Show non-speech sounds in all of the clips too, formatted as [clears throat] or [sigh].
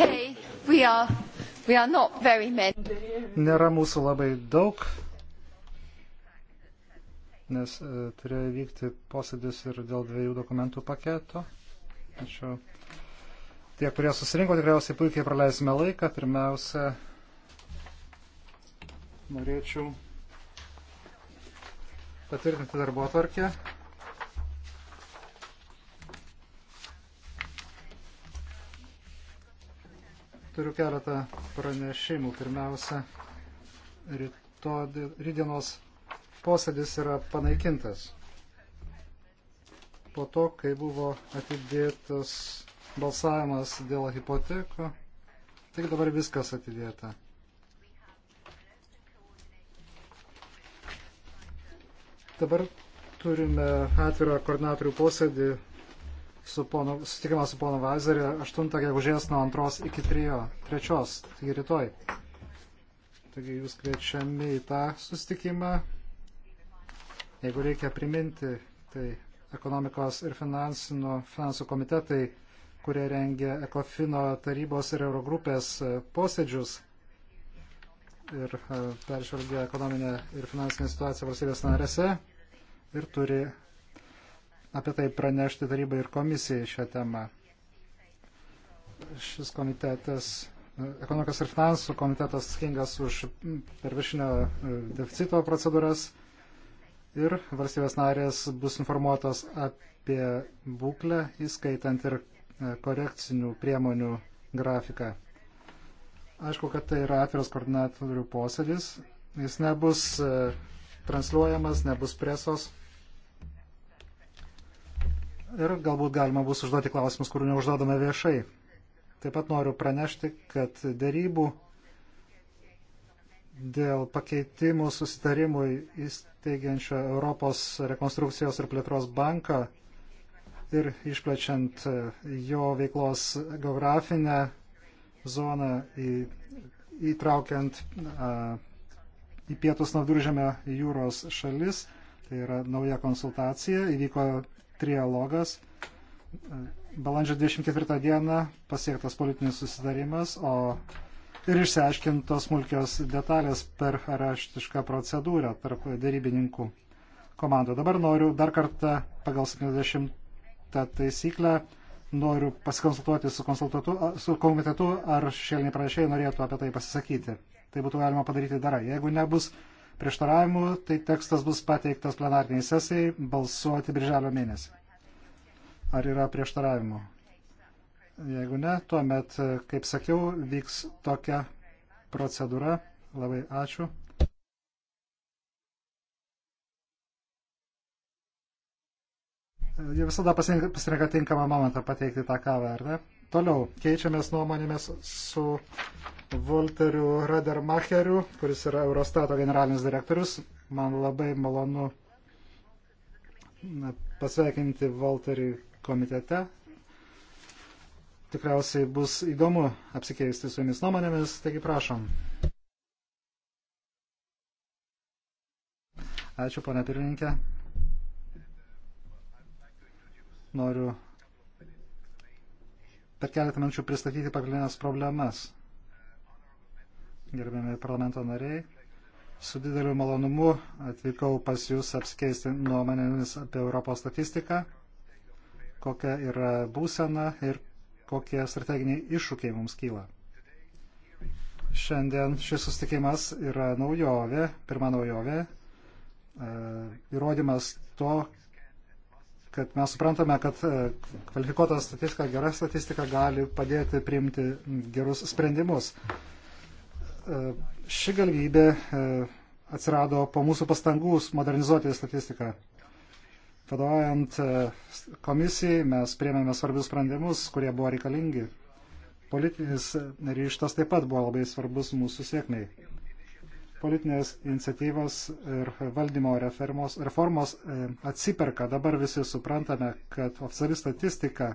Okay, we are, we are not very many. Nėra mūsų labai daug, nes e, turėjo vykti posėdis ir dėl dviejų dokumentų paketo. Tačiau tie, kurie susirinko, tikriausiai puikiai praleisime laiką. Pirmiausia, norėčiau patvirtinti darbo atvarkę. Turiu keletą pranešimų. Pirmiausia, ryto, rydienos posėdis yra panaikintas. Po to, kai buvo atidėtas balsavimas dėl hipotekų, tik dabar viskas atidėta. Dabar turime atvirą koordinatorių posėdį su ponu, susitikimą su ponu Vaizeriu 8 gegužės nuo 2 iki 3, 3, taigi rytoj. Taigi jūs kviečiami į tą susitikimą. Jeigu reikia priminti, tai ekonomikos ir finansino, finansų komitetai, kurie rengia Ekofino tarybos ir Eurogrupės e, posėdžius ir e, peržvelgia ekonominę ir finansinę situaciją valstybės narėse ir turi apie tai pranešti tarybai ir komisijai šią temą. Šis komitetas, ekonomikos ir finansų komitetas atsakingas už pervišinio e, deficito procedūras ir valstybės narės bus informuotos apie būklę, įskaitant ir e, korekcinių priemonių grafiką. Aišku, kad tai yra atviras koordinatorių posėdis. Jis nebus e, transliuojamas, nebus presos ir galbūt galima bus užduoti klausimus, kurių neužduodame viešai. Taip pat noriu pranešti, kad dėrybų dėl pakeitimų susitarimui įsteigiančio Europos rekonstrukcijos ir plėtros banką ir išplečiant jo veiklos geografinę zoną į, įtraukiant a, į pietus nuo viduržėmio jūros šalis. Tai yra nauja konsultacija, įvyko trialogas. Balandžio 24 dieną pasiektas politinis susidarimas, o ir išsiaiškintos smulkios detalės per raštišką procedūrą tarp darybininkų komandų. Dabar noriu dar kartą pagal 70 taisyklę noriu pasikonsultuoti su, su komitetu, ar šešėliniai pranešėjai norėtų apie tai pasisakyti. Tai būtų galima padaryti dar. Jeigu nebus prieštaravimų, tai tekstas bus pateiktas plenarniai sesijai balsuoti birželio mėnesį. Ar yra prieštaravimų? Jeigu ne, tuomet, kaip sakiau, vyks tokia procedūra. Labai ačiū. Jie visada pasirenka tinkamą momentą pateikti tą kavą, ar ne? Toliau keičiamės nuomonėmis su Volteriu Radermacheriu, kuris yra Eurostato generalinis direktorius. Man labai malonu pasveikinti Volterį komitete. Tikriausiai bus įdomu apsikeisti su jumis nuomonėmis, taigi prašom. Ačiū, ponia pirmininkė. Noriu per keletą minučių pristatyti pagrindinės problemas. Gerbiami parlamento nariai, su dideliu malonumu atvykau pas Jūs apskeisti nuomonėmis apie Europos statistiką, kokia yra būsena ir kokie strateginiai iššūkiai mums kyla. Šiandien šis sustikimas yra naujovė, pirma naujovė, e, įrodymas to, kad mes suprantame, kad e, kvalifikuota statistika, gera statistika gali padėti priimti gerus sprendimus. E, ši galimybė e, atsirado po mūsų pastangų modernizuoti statistiką. Vadovaujant komisijai mes priemėme svarbius sprendimus, kurie buvo reikalingi. Politinis ryštas taip pat buvo labai svarbus mūsų sėkmiai politinės iniciatyvos ir valdymo reformos, reformos e, atsiperka. Dabar visi suprantame, kad oficiali statistika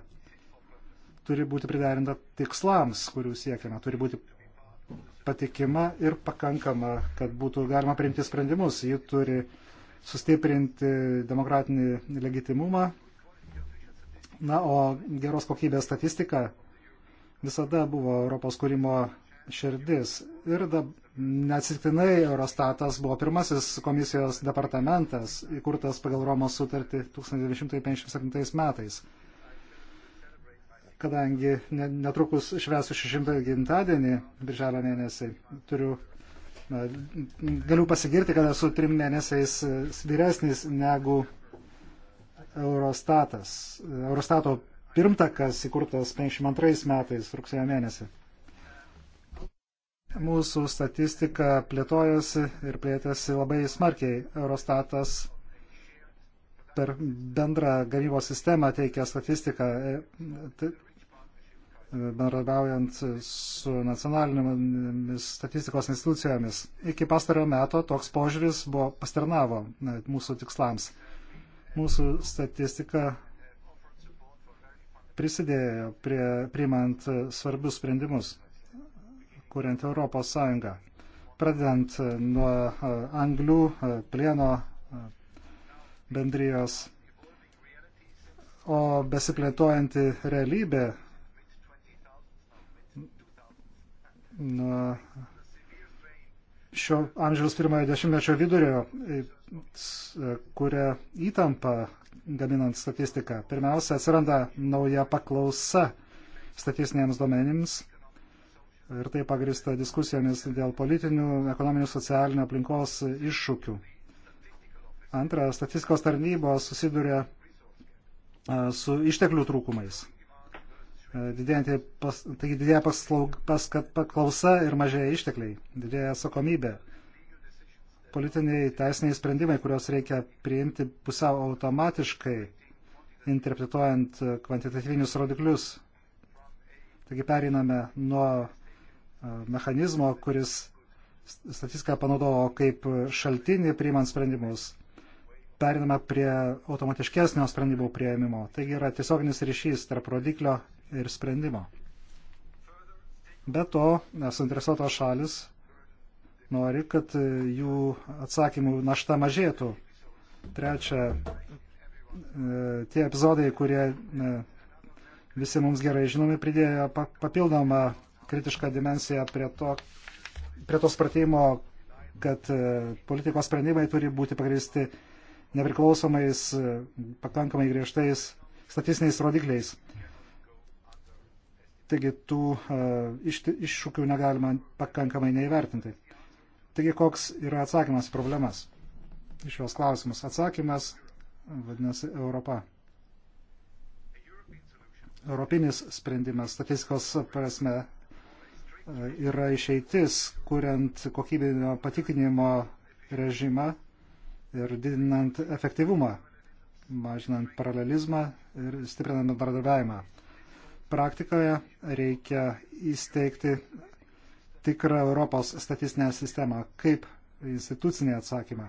turi būti priderinta tikslams, kurių siekiame, turi būti patikima ir pakankama, kad būtų galima priimti sprendimus. Ji turi sustiprinti demokratinį legitimumą. Na, o geros kokybės statistika visada buvo Europos kūrimo širdis. Ir neatsitiktinai Eurostatas buvo pirmasis komisijos departamentas, įkurtas pagal Romos sutartį 1957 metais. Kadangi netrukus švesiu 600 gimtadienį, birželio mėnesį, turiu, galiu pasigirti, kad esu trim mėnesiais vyresnis negu Eurostatas. Eurostato pirmtakas įkurtas 52 metais rugsėjo mėnesį. Mūsų statistika plėtojasi ir plėtėsi labai smarkiai. Eurostatas per bendrą gamybos sistemą teikia statistiką, e, e, bendradaujant su nacionalinėmis statistikos institucijomis. Iki pastarojo meto toks požiūris buvo pasternavo e, mūsų tikslams. Mūsų statistika prisidėjo prie priimant svarbius sprendimus kuriant Europos Sąjungą. Pradedant nuo e, anglių, e, plieno e, bendrijos, o besiplėtojanti realybė nuo šio amžiaus pirmojo dešimtmečio vidurio kuria įtampą gaminant statistiką. Pirmiausia, atsiranda nauja paklausa statistiniams duomenims ir tai pagrista diskusijomis dėl politinių, ekonominių, socialinių aplinkos iššūkių. Antra, statistikos tarnybos susiduria su išteklių trūkumais. Didėjantį, pas, taigi didėja paslaug, pas, paklausa ir mažėja ištekliai, didėja atsakomybė. Politiniai teisiniai sprendimai, kuriuos reikia priimti pusiau automatiškai, interpretuojant kvantitatyvinius rodiklius. Taigi periname nuo mechanizmo, kuris statistiką panaudojo kaip šaltinį priimant sprendimus, periname prie automatiškesnio sprendimų prieimimo. Taigi yra tiesioginis ryšys tarp rodiklio ir sprendimo. Be to, suinteresuotos šalis nori, kad e, jų atsakymų našta mažėtų. Trečia, e, tie epizodai, kurie e, visi mums gerai žinomi, pridėjo papildomą kritišką dimensiją prie to, prie to supratimo, kad e, politikos sprendimai turi būti pagristi nepriklausomais, e, pakankamai griežtais statistiniais rodikliais. Taigi tų e, iššūkių negalima pakankamai neįvertinti. Taigi koks yra atsakymas į problemas? Iš jos klausimus. Atsakymas vadinasi Europa. Europinis sprendimas statistikos prasme yra išeitis, kuriant kokybinio patikrinimo režimą ir didinant efektyvumą, mažinant paralelizmą ir stiprinant bendradarbiavimą. Praktikoje reikia įsteigti tikrą Europos statistinę sistemą kaip institucinį atsakymą.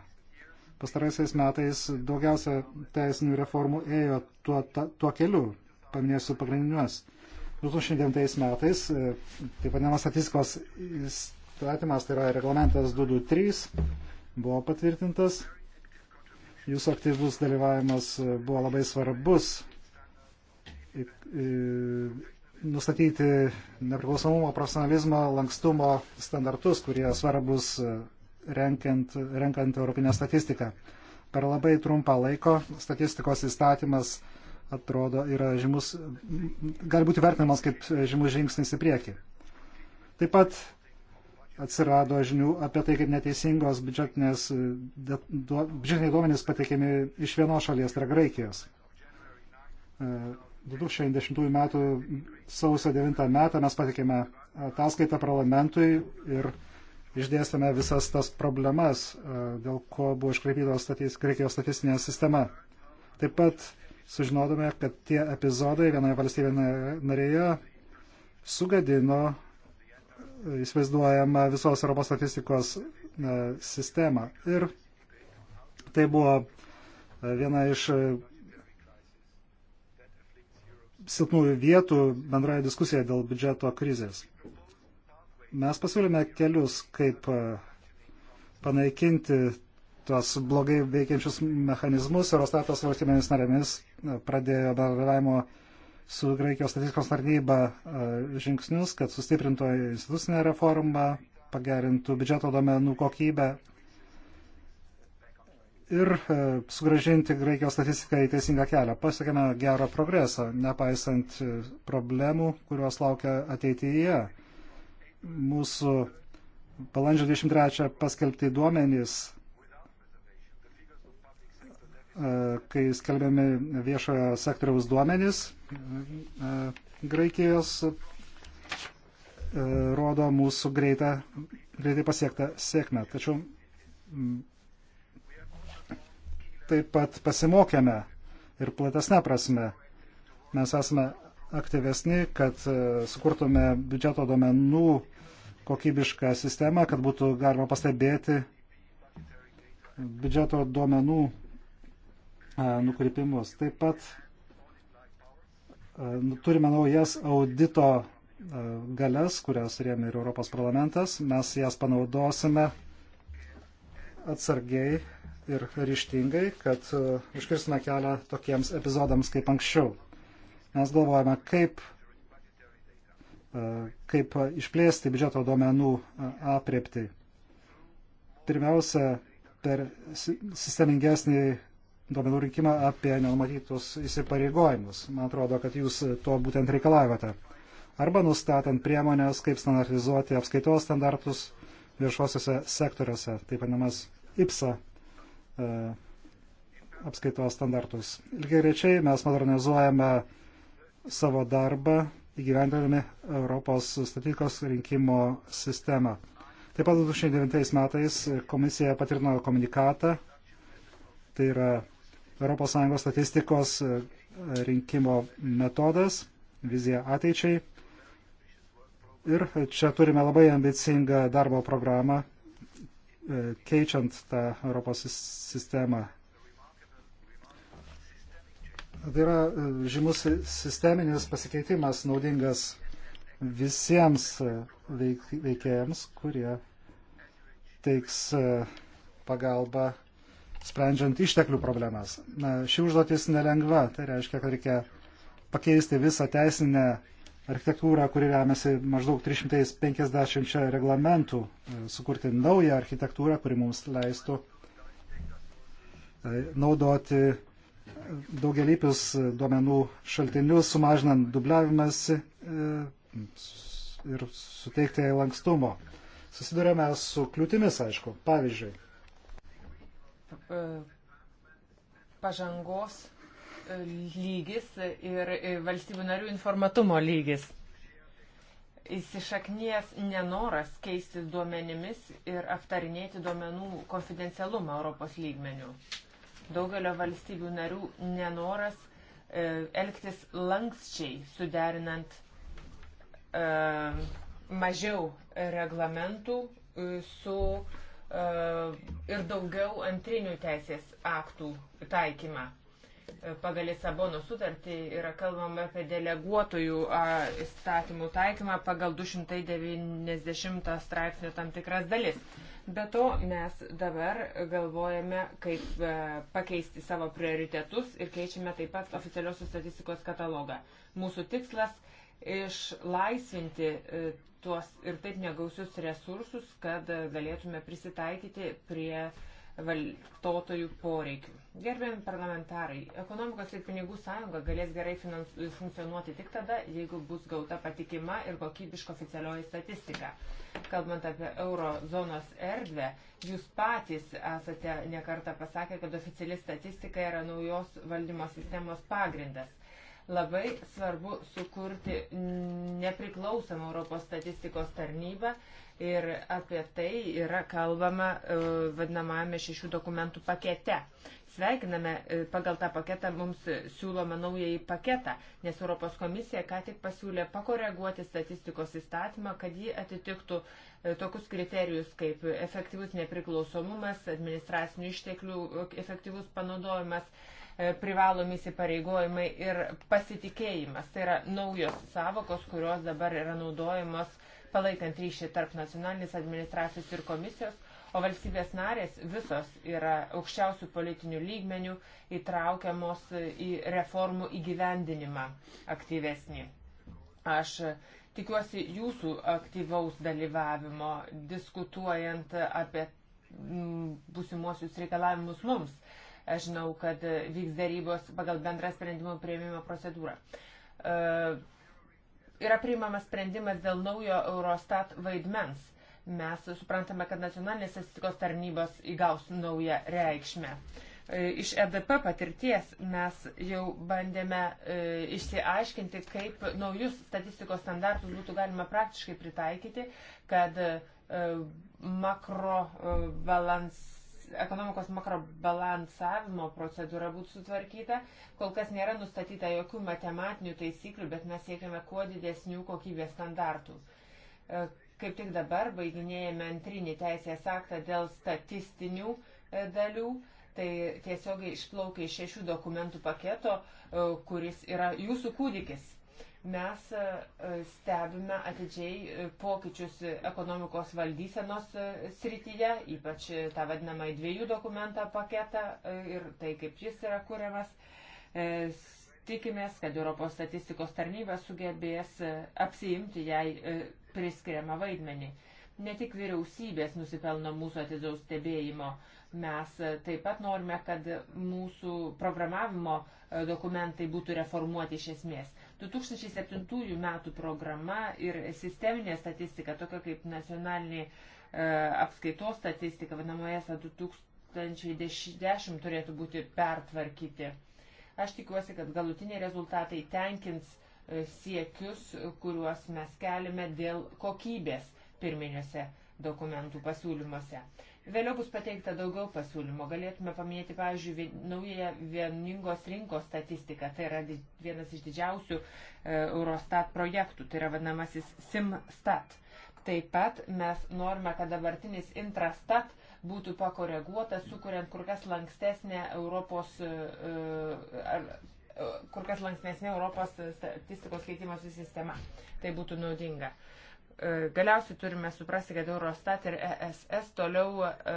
Pastaraisiais metais daugiausia teisinių reformų ėjo tuo, ta, tuo keliu, paminėsiu pagrindiniuos 2009 metais, e, taip vadinamas statistikos įstatymas, tai yra reglamentas 223, buvo patvirtintas. Jūsų aktyvus dalyvavimas e, buvo labai svarbus nustatyti nepriklausomumo, profesionalizmo, lankstumo standartus, kurie svarbus e, renkant, renkant europinę statistiką. Per labai trumpą laiko statistikos įstatymas atrodo yra žymus, gali būti vertinamas kaip žymus žingsnis į priekį. Taip pat atsirado žinių apie tai, kaip neteisingos biudžetinės, biudžetiniai duomenys pateikiami iš vienos šalies, tai yra Graikijos. 2010 e, m. sausio 9 m. mes pateikėme ataskaitą parlamentui ir išdėstėme visas tas problemas, e, dėl ko buvo iškreipytos statys, Graikijos statistinė sistema. Taip pat sužinodome, kad tie epizodai vienoje valstybėje narėje sugadino įsivaizduojama visos Europos statistikos sistemą. Ir tai buvo viena iš silpnųjų vietų bendroje diskusijoje dėl biudžeto krizės. Mes pasiūlėme kelius, kaip panaikinti tuos blogai veikiančius mechanizmus. Eurostatas valstybėmis narėmis e, pradėjo bendravimo su Graikijos statistikos tarnyba e, žingsnius, kad sustiprintų institucinę reformą, pagerintų biudžeto domenų kokybę ir e, sugražinti Graikijos statistiką į teisingą kelią. Pasiekėme gerą progresą, nepaisant problemų, kurios laukia ateityje. Mūsų balandžio 23 paskelbti duomenys kai skelbiami viešojo sektoriaus duomenys, e, Graikijos e, rodo mūsų greitą, greitai pasiektą sėkmę. Tačiau taip pat pasimokėme ir platesnę prasme. Mes esame aktyvesni, kad e, sukurtume biudžeto domenų kokybišką sistemą, kad būtų galima pastebėti biudžeto duomenų E, nukrypimus. Taip pat e, nu, turime naujas audito e, galės, kurias rėmė ir Europos parlamentas. Mes jas panaudosime atsargiai ir ryštingai, kad iškirsime kelią tokiems epizodams kaip anksčiau. Mes galvojame, kaip, kaip išplėsti biudžeto duomenų apriepti. Pirmiausia, per sistemingesnį duomenų rinkimą apie nenumatytus įsipareigojimus. Man atrodo, kad jūs to būtent reikalavote. Arba nustatant priemonės, kaip standartizuoti apskaitos standartus viešuosiuose sektoriuose, taip vadinamas IPSA e, apskaitos standartus. Lygiai greičiai mes modernizuojame savo darbą įgyvendinami Europos statikos rinkimo sistemą. Taip pat 2009 metais komisija patvirtino komunikatą, tai yra ES statistikos e, rinkimo metodas, vizija ateičiai. Ir čia turime labai ambicingą darbo programą, e, keičiant tą Europos sistemą. Tai yra e, žymus sisteminis pasikeitimas naudingas visiems veikėjams, kurie teiks pagalbą sprendžiant išteklių problemas. Na, ši užduotis nelengva, tai reiškia, kad reikia pakeisti visą teisinę architektūrą, kuri remiasi maždaug 350 reglamentų, e, sukurti naują architektūrą, kuri mums leistų e, naudoti daugelįpius duomenų šaltinius, sumažinant dubliavimąsi e, ir suteikti lankstumo. Susidurėme su kliūtimis, aišku. Pavyzdžiui, E, pažangos e, lygis ir e, valstybių narių informatumo lygis. Įsišaknies nenoras keistis duomenimis ir aptarinėti duomenų konfidencialumą Europos lygmenių. Daugelio valstybių narių nenoras elgtis lankščiai, suderinant mažiau reglamentų su uh, E, ir daugiau antrinių teisės aktų taikymą. E, pagal Lisabono sutartį yra kalbama apie deleguotojų įstatymų taikymą pagal 290 straipsnio tam tikras dalis. Be to mes dabar galvojame, kaip e, pakeisti savo prioritetus ir keičiame taip pat oficialiosios statistikos katalogą. Mūsų tikslas išlaisvinti tuos ir taip negausius resursus, kad galėtume prisitaikyti prie vartotojų poreikių. Gerbėjami parlamentarai, ekonomikos ir pinigų sąjunga galės gerai funkcionuoti tik tada, jeigu bus gauta patikima ir kokybiška oficialioji statistika. Kalbant apie eurozonos erdvę, jūs patys esate nekarta pasakę, kad oficiali statistika yra naujos valdymo sistemos pagrindas. Labai svarbu sukurti nepriklausomą Europos statistikos tarnybą ir apie tai yra kalbama e, vadinamajame šešių dokumentų pakete. Sveikiname e, pagal tą paketą mums siūloma naująjį paketą, nes Europos komisija ką tik pasiūlė pakoreguoti statistikos įstatymą, kad jį atitiktų e, tokius kriterijus kaip efektyvus nepriklausomumas, administracinių išteklių efektyvus panaudojimas E, privalomi įsipareigojimai ir pasitikėjimas. Tai yra naujos savokos, kurios dabar yra naudojamos palaikant ryšį tarp nacionalinės administracijos ir komisijos, o valstybės narės visos yra aukščiausių politinių lygmenių įtraukiamos į reformų įgyvendinimą aktyvesnį. Aš tikiuosi jūsų aktyvaus dalyvavimo diskutuojant apie būsimuosius reikalavimus mums Aš žinau, kad vyks darybos pagal bendrą sprendimų prieimimo procedūrą. E, yra priimamas sprendimas dėl naujo Eurostat vaidmens. Mes suprantame, kad nacionalinės statistikos tarnybos įgaus naują reikšmę. E, iš EDP patirties mes jau bandėme e, išsiaiškinti, kaip naujus statistikos standartus būtų galima praktiškai pritaikyti, kad e, makrobalansą e, ekonomikos makrobalansavimo procedūra būtų sutvarkyta. Kol kas nėra nustatyta jokių matematinių taisyklių, bet mes siekiame kuo didesnių kokybės standartų. E, kaip tik dabar baiginėjame antrinį teisės aktą dėl statistinių e, dalių. Tai tiesiogiai išplaukia iš šešių dokumentų paketo, e, kuris yra jūsų kūdikis Mes e, e, stebime atidžiai e, pokyčius ekonomikos valdysenos srityje, ypač tą vadinamą dviejų dokumentą paketą ir tai, kaip jis yra kuriamas. Tikimės, kad Europos statistikos tarnyba sugebės apsiimti jai priskiriamą vaidmenį. Ne tik vyriausybės nusipelno mūsų atidaus stebėjimo, mes taip pat norime, kad mūsų programavimo dokumentai būtų reformuoti iš esmės. 2007 metų programa ir sisteminė statistika, tokia kaip nacionalinė e, apskaitos statistika, vadinamoje SA 2010 turėtų būti pertvarkyti. Aš tikiuosi, kad galutiniai rezultatai tenkins e, siekius, kuriuos mes keliame dėl kokybės pirminiuose dokumentų pasiūlymuose. Vėliau bus pateikta daugiau pasiūlymų. Galėtume paminėti, pavyzdžiui, vien, naują vieningos rinkos statistiką. Tai yra vienas iš didžiausių e, Eurostat projektų, tai yra vadinamasis SimStat. Taip pat mes norime, kad dabartinis intrastat būtų pakoreguotas, sukuriant kur kas lankstesnę Europos, e, e ar, e, kur kas lankstesnė Europos statistikos keitimosi sistema. Tai būtų naudinga. E, E, galiausiai turime suprasti, kad Eurostat ir ESS toliau e,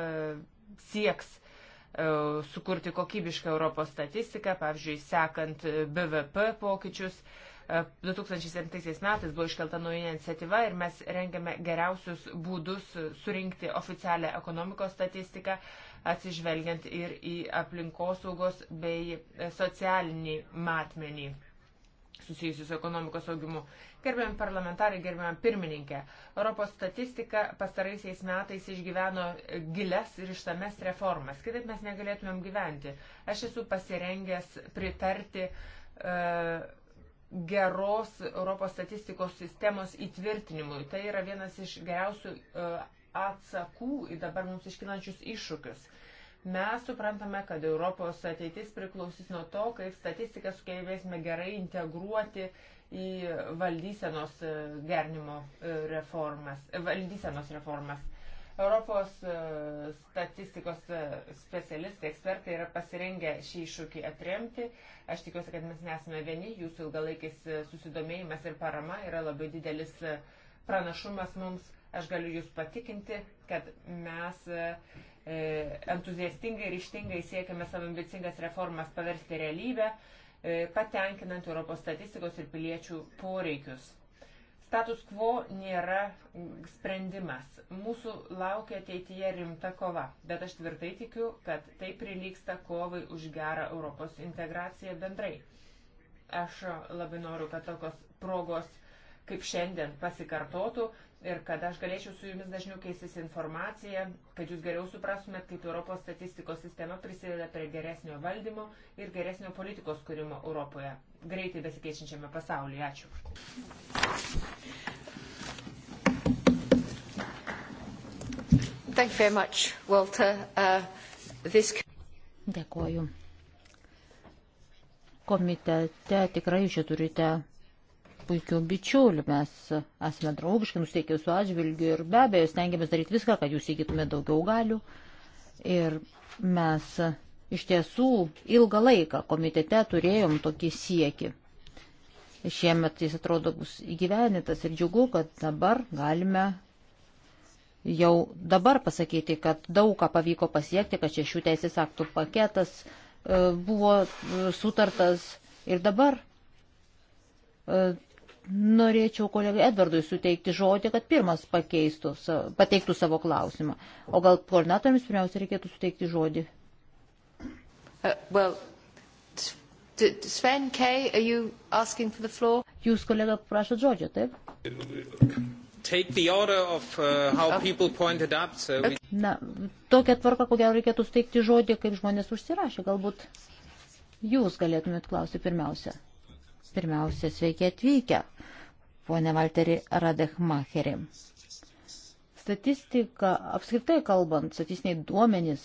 sieks e, sukurti kokybišką Europos statistiką, pavyzdžiui, sekant BVP pokyčius. 2007 metais buvo iškelta nauja iniciatyva ir mes rengiame geriausius būdus surinkti oficialią ekonomikos statistiką, atsižvelgiant ir į aplinkosaugos bei socialinį matmenį susijusius su ekonomikos augimu. Gerbiam parlamentarai, gerbiam pirmininkė, Europos statistika pastaraisiais metais išgyveno giles ir ištames reformas. Kitaip mes negalėtumėm gyventi. Aš esu pasirengęs pritarti. Uh, geros Europos statistikos sistemos įtvirtinimui. Tai yra vienas iš geriausių e, atsakų į dabar mums iškilančius iššūkius. Mes suprantame, kad Europos ateitis priklausys nuo to, kaip statistiką sugebėsime gerai integruoti į valdysenos e, gernimo e, reformas, e, valdysenos reformas. Europos statistikos specialistai, ekspertai yra pasirengę šį iššūkį atremti. Aš tikiuosi, kad mes nesame vieni, jūsų ilgalaikis susidomėjimas ir parama yra labai didelis pranašumas mums. Aš galiu jūs patikinti, kad mes entuziastingai ir ištingai siekiame savo ambicingas reformas paversti realybę E, patenkinant Europos statistikos ir piliečių poreikius. Status quo nėra sprendimas. Mūsų laukia ateityje rimta kova, bet aš tvirtai tikiu, kad tai prilyksta kovai už gerą Europos integraciją bendrai. Aš labai noriu, kad tokios progos kaip šiandien pasikartotų ir kad aš galėčiau su jumis dažniau keistis informaciją, kad jūs geriau suprastumėt, kaip Europos statistikos sistema prisideda prie geresnio valdymo ir geresnio politikos kūrimo Europoje, greitai besikeičiančiame pasaulyje. Ačiū. Thank you very much, Walter. Uh, this... Dėkoju. Komitete tikrai jūs turite puikių bičiulių, mes esame draugiškai nusteikę jūsų atžvilgiu ir be abejo stengiamės daryti viską, kad jūs įgytumėte daugiau galių. Ir mes iš tiesų ilgą laiką komitete turėjom tokį siekį. Šiemet jis atrodo bus įgyvenintas ir džiugu, kad dabar galime jau dabar pasakyti, kad daug ką pavyko pasiekti, kad šešių teisės aktų paketas e, buvo e, sutartas ir dabar e, Norėčiau kolegai Edvardui suteikti žodį, kad pirmas pakeistų, pateiktų savo klausimą. O gal koordinatoriams pirmiausia reikėtų suteikti žodį? Uh, well, Sven K., are you asking for the floor? Jūs, kolega, prašot žodžio, taip? Take the order of uh, how people pointed up. So we... Na, tokia tvarka, ko gero reikėtų suteikti žodį, kaip žmonės užsirašė. Galbūt jūs galėtumėt klausyti pirmiausia. Pirmiausia, sveiki atvykę, ponė Valteri Radechmacheri. Statistika, apskritai kalbant, statistiniai duomenys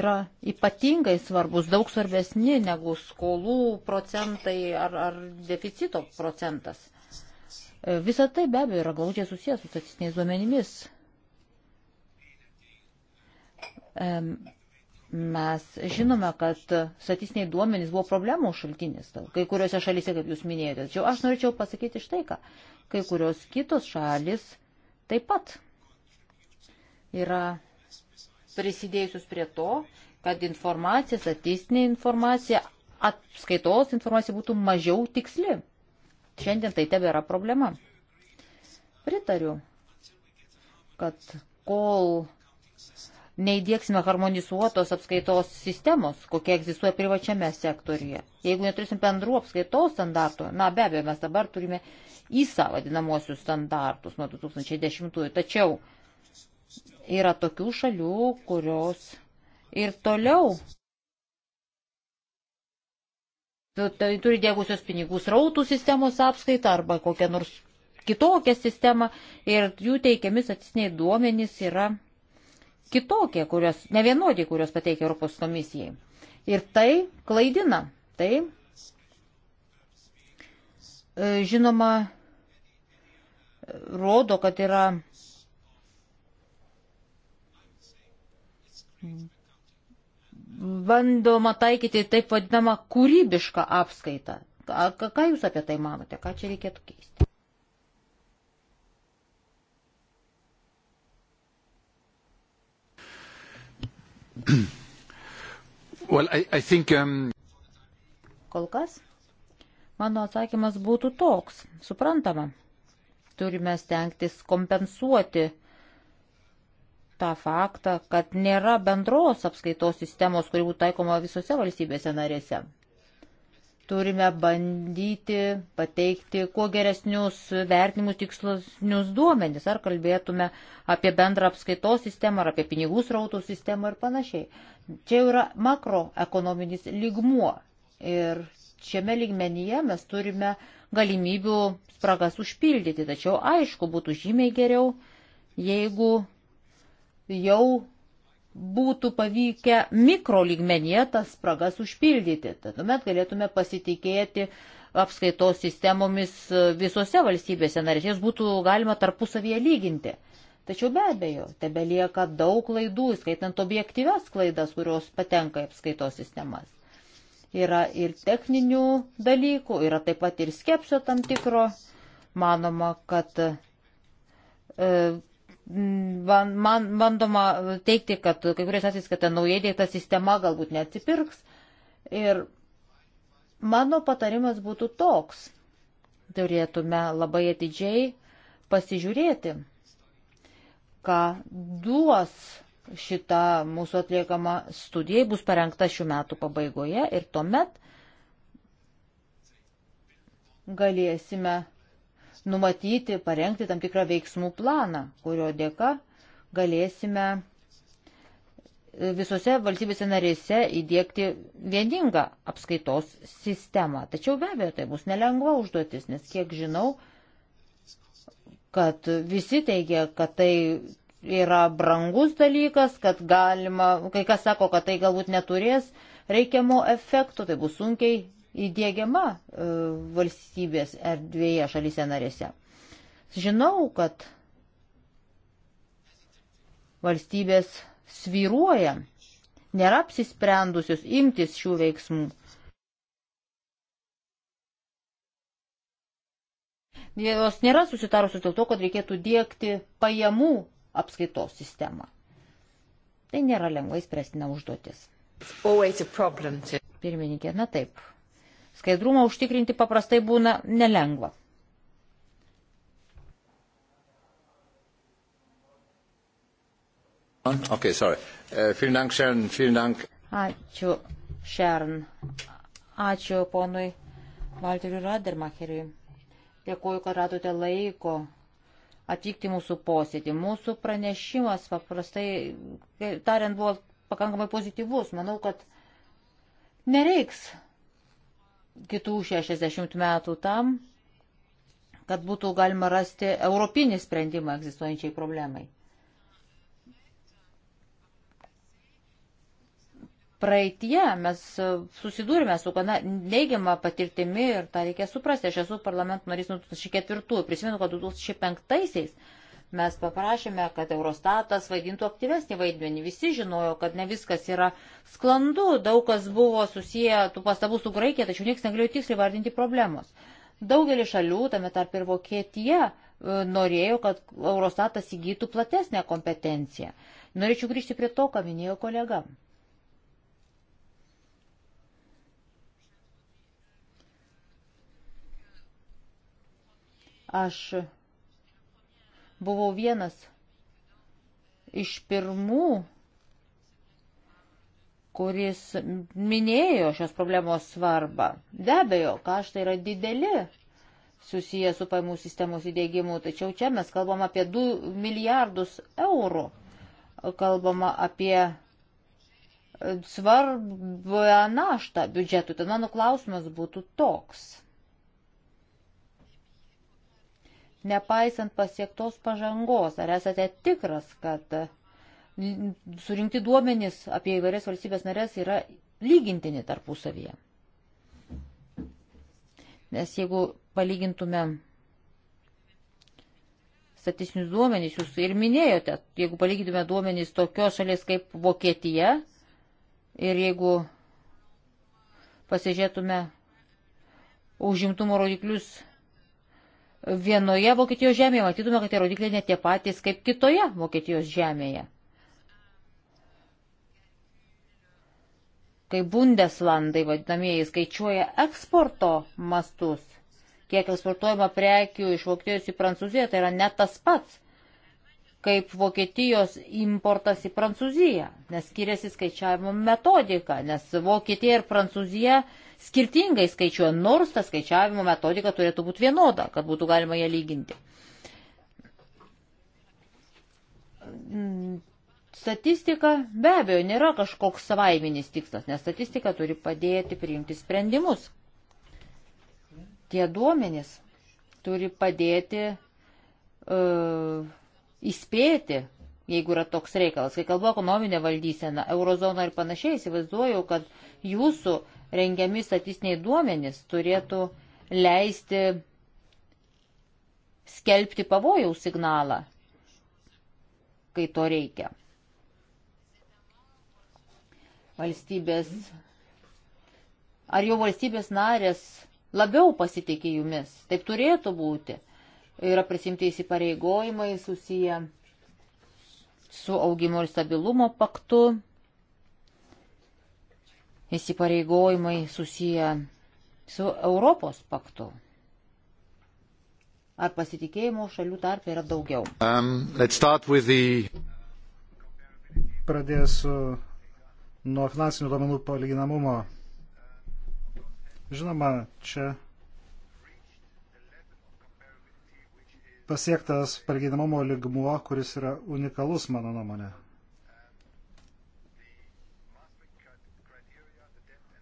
yra ypatingai svarbus, daug svarbesni negu skolų procentai ar, ar deficito procentas. Visą tai be abejo yra glaudžiai susijęs su statistiniais duomenimis. Mes žinome, kad statistiniai duomenys buvo problemų šaltinis kai kuriuose šalyse, kaip jūs minėjote. Tačiau aš norėčiau pasakyti štai ką. Kai kurios kitos šalis taip pat yra prisidėjusius prie to, kad informacija, statistinė informacija, atskaitos informacija būtų mažiau tiksli. Šiandien tai tebėra problema. Pritariu, kad kol neįdėksime harmonizuotos apskaitos sistemos, kokia egzistuoja privačiame sektorija. Jeigu neturėsim bendrų apskaitos standartų, na be abejo, mes dabar turime įsą vadinamosius standartus nuo 2010-ųjų, tačiau yra tokių šalių, kurios ir toliau tai turi dėgusios pinigų srautų sistemos apskaitą arba kokią nors kitokią sistemą ir jų teikiami statistiniai duomenys yra kitokie, kurios, ne vienodie, kurios pateikia Europos komisijai. Ir tai klaidina. Tai, e, žinoma, rodo, kad yra bandoma taikyti taip vadinamą kūrybišką apskaitą. Ką, ką jūs apie tai manote, ką čia reikėtų keisti? [clears throat] well, I, I think, um... Kol kas mano atsakymas būtų toks. Suprantama, turime stengtis kompensuoti tą faktą, kad nėra bendros apskaitos sistemos, kuri būtų taikoma visose valstybėse narėse turime bandyti pateikti kuo geresnius vertinimus tikslesnius duomenis, ar kalbėtume apie bendrą apskaitos sistemą, ar apie pinigų srautų sistemą ir panašiai. Čia yra makroekonominis lygmuo ir šiame lygmenyje mes turime galimybių spragas užpildyti, tačiau aišku būtų žymiai geriau, jeigu jau būtų pavykę mikrolygmenyje tas spragas užpildyti. Tad tuomet galėtume pasitikėti apskaitos sistemomis visose valstybėse narėse, jas būtų galima tarpusavyje lyginti. Tačiau be abejo, tebe lieka daug klaidų, skaitant objektyves klaidas, kurios patenka į apskaitos sistemas. Yra ir techninių dalykų, yra taip pat ir skepsio tam tikro. Manoma, kad e, man, man bandoma teikti, kad kai kuriais atvejais, kad ta naujai dėta sistema galbūt neatsipirks. Ir mano patarimas būtų toks. Turėtume labai atidžiai pasižiūrėti, ką duos šita mūsų atliekama studija, bus parengta šių metų pabaigoje ir tuomet galėsime numatyti, parengti tam tikrą veiksmų planą, kurio dėka galėsime visose valstybėse narėse įdėkti vieningą apskaitos sistemą. Tačiau be abejo, tai bus nelengva užduotis, nes kiek žinau, kad visi teigia, kad tai yra brangus dalykas, kad galima, kai kas sako, kad tai galbūt neturės reikiamo efekto, tai bus sunkiai įdėgiama e, valstybės erdvėje šalyse narėse. Žinau, kad valstybės sviruoja, nėra apsisprendusios imtis šių veiksmų. Jos nėra susitarusios dėl to, kad reikėtų dėkti pajamų apskaitos sistemą. Tai nėra lengvai spręstina užduotis. Pirmininkė, na taip, Skaidrumą užtikrinti paprastai būna nelengva. Okay, sorry. Uh, vielen Dank, Sharon. Vielen Dank. Ačiū, Sharon. Ačiū ponui Valteriu Radermacheriui. Dėkuoju, kad radote laiko atvykti mūsų posėdį. Mūsų pranešimas paprastai, tariant, buvo pakankamai pozityvus. Manau, kad nereiks kitų 60 metų tam, kad būtų galima rasti europinį sprendimą egzistuojančiai problemai. Praeitie mes susidūrime su gana neigiama patirtimi ir tą reikia suprasti. Aš esu parlamento narys nuo 2004, prisimenu, kad 2005 Mes paprašėme, kad Eurostatas vaidintų aktyvesnį vaidmenį. Visi žinojo, kad ne viskas yra sklandu, daug kas buvo susiję tų pastabų su Graikija, tačiau niekas negalėjo tiksliai vardinti problemos. Daugelis šalių, tame tarp ir Vokietija, e, norėjo, kad Eurostatas įgytų platesnę kompetenciją. Norėčiau grįžti prie to, ką minėjo kolega. Aš Buvau vienas iš pirmų, kuris minėjo šios problemos svarbą. Be abejo, kaštai yra dideli susiję su paimų sistemos įdėgymu, tačiau čia mes kalbam apie 2 milijardus eurų. Kalbama apie e, svarbą naštą biudžetui. Tai mano klausimas būtų toks. nepaisant pasiektos pažangos, ar esate tikras, kad surinkti duomenys apie įvairias valstybės narės yra lygintini tarpusavyje? Nes jeigu palygintume statistinius duomenys, jūs ir minėjote, jeigu palygintume duomenys tokios šalies kaip Vokietija ir jeigu pasižiūrėtume užimtumo rodiklius vienoje Vokietijos žemėje matytume, kad tie rodikliai net tie patys kaip kitoje Vokietijos žemėje. Kai Bundeslandai vadinamieji skaičiuoja eksporto mastus, kiek eksportuojama prekių iš Vokietijos į Prancūziją, tai yra net tas pats kaip Vokietijos importas į Prancūziją, nes skiriasi skaičiavimo metodika, nes Vokietija ir Prancūzija uh, skirtingai skaičiuoja, nors ta skaičiavimo metodika turėtų būti vienoda, kad būtų galima ją lyginti. Statistika be abejo nėra kažkoks savaiminis tikslas, nes statistika turi padėti priimti sprendimus. Tie duomenys turi padėti uh, įspėti, jeigu yra toks reikalas. Kai kalbu ekonominė valdysena, eurozona ir panašiai, įsivaizduoju, kad jūsų uh, rengiami statistiniai duomenys turėtų leisti skelbti pavojaus signalą, kai to reikia. Valstybės. Ar jau valstybės narės labiau pasitikė jumis? Taip turėtų būti. Yra prisimti įsipareigojimai susiję su augimo ir stabilumo paktu, įsipareigojimai susiję su Europos paktu? Ar pasitikėjimo šalių tarp yra daugiau? Um, the... Pradėsiu nuo finansinių duomenų palyginamumo. Žinoma, čia pasiektas palyginamumo ligmuo, kuris yra unikalus mano nuomonė.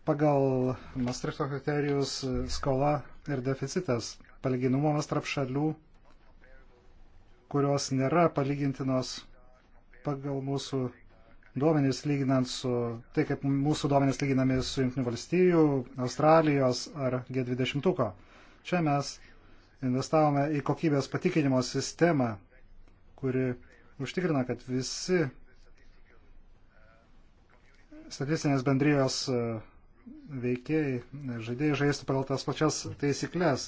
Pagal Maastrichto kriterijus skola ir deficitas palyginamumas tarp šalių, kurios nėra palygintinos pagal mūsų duomenys lyginant su, tai kaip mūsų duomenys lyginami su Junktinių valstijų, Australijos ar G20. -tuko. Čia mes investavome į kokybės patikinimo sistemą, kuri užtikrina, kad visi statistinės bendrijos veikėjai, žaidėjai žaistų pagal tas pačias taisyklės.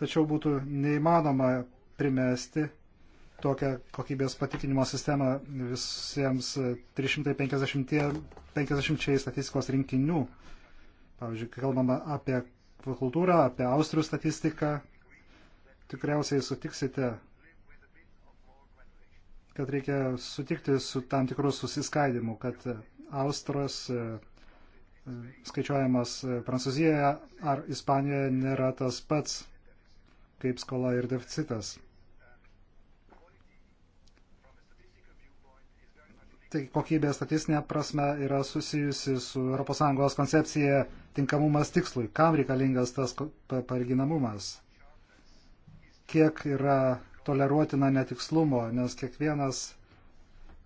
Tačiau būtų neįmanoma primesti tokią kokybės patikinimo sistemą visiems 350 statistikos rinkinių. Pavyzdžiui, kai kalbama apie kultūrą, apie austrių statistiką, tikriausiai sutiksite, kad reikia sutikti su tam tikrus susiskaidimu, kad austros skaičiuojamas e, Prancūzijoje ar Ispanijoje nėra tas pats kaip skola ir deficitas. Tai kokybė statistinė prasme yra susijusi su ES koncepcija tinkamumas tikslui. Kam reikalingas tas pareiginamumas? Kiek yra toleruotina netikslumo, nes kiekvienas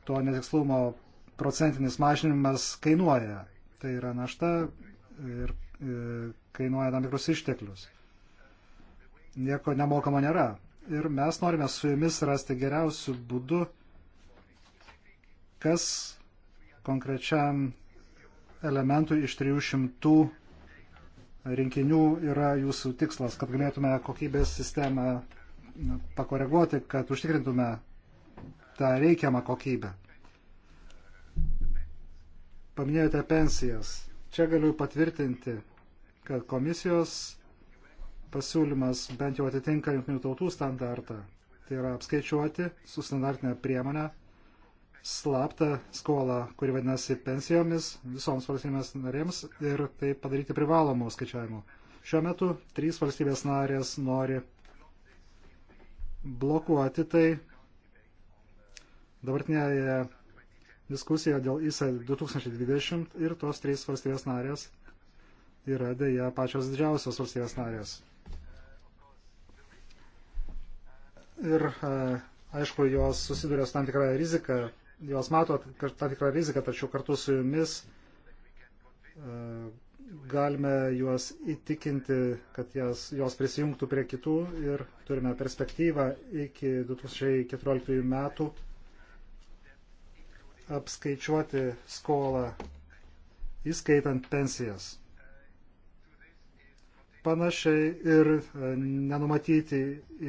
to netikslumo procentinis mažinimas kainuoja tai yra našta ir e, kainuoja tam tikrus išteklius. Nieko nemokamo nėra. Ir mes norime su jumis rasti geriausių būdų, kas konkrečiam elementui iš 300 rinkinių yra jūsų tikslas, kad galėtume kokybės sistemą pakoreguoti, kad užtikrintume tą reikiamą kokybę. Paminėjote pensijas. Čia galiu patvirtinti, kad komisijos pasiūlymas bent jau atitinka jungtinių tautų standartą. Tai yra apskaičiuoti su standartinė priemonė slaptą skolą, kuri vadinasi pensijomis visoms valstybės narėms ir tai padaryti privalomų skaičiavimų. Šiuo metu trys valstybės narės nori blokuoti tai dabartinėje diskusija dėl ISA 2020 ir tos trys valstybės narės yra dėja pačios didžiausios valstybės narės. Ir e, aišku, jos susiduria su tam tikrą riziką, jos mato tam tikrą riziką, tačiau kartu su jumis e, galime juos įtikinti, kad jas, jos prisijungtų prie kitų ir turime perspektyvą iki 2014 metų apskaičiuoti skolą, įskaitant pensijas. Panašiai ir e, nenumatyti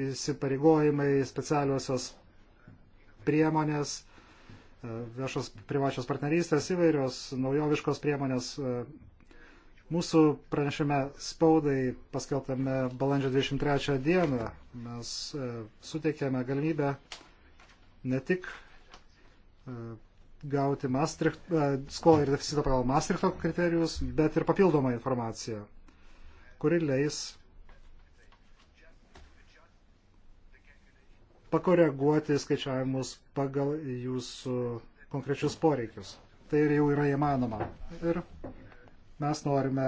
įsipareigojimai specialiosios priemonės, e, viešos privačios partnerystės, įvairios naujoviškos priemonės. E, mūsų pranešime spaudai paskeltame balandžio 23 dieną mes suteikėme galimybę ne tik gauti Maastricht, e, skolą ir deficitą pagal Maastrichto kriterijus, bet ir papildomą informaciją, kuri leis pakoreguoti skaičiavimus pagal jūsų konkrečius poreikius. Tai ir jau yra įmanoma. Ir mes norime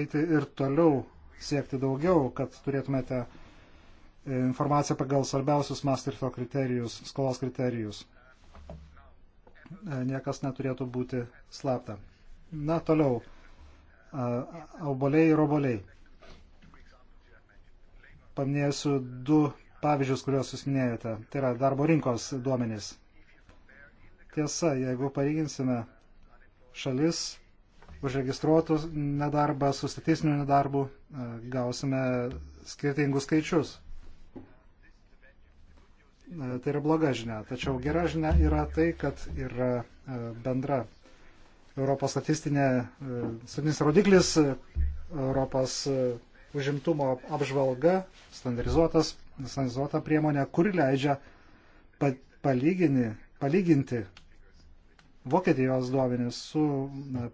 eiti ir toliau, siekti daugiau, kad turėtumėte informaciją pagal svarbiausius Maastrichto kriterijus, skolos kriterijus. E, niekas neturėtų būti slapta. Na, toliau. E, Auboliai ir oboliai. Paminėsiu du pavyzdžius, kuriuos jūs minėjote. Tai yra darbo rinkos duomenys. Tiesa, jeigu palyginsime šalis užregistruotų nedarbą su statistiniu nedarbu, e, gausime skirtingus skaičius tai yra bloga žinia. Tačiau gera žinia yra tai, kad yra e, bendra Europos statistinė, e, statistinis rodiklis, e, Europos užimtumo apžvalga, standartizuotas, standartizuota priemonė, kuri leidžia palygini, palyginti Vokietijos duomenis su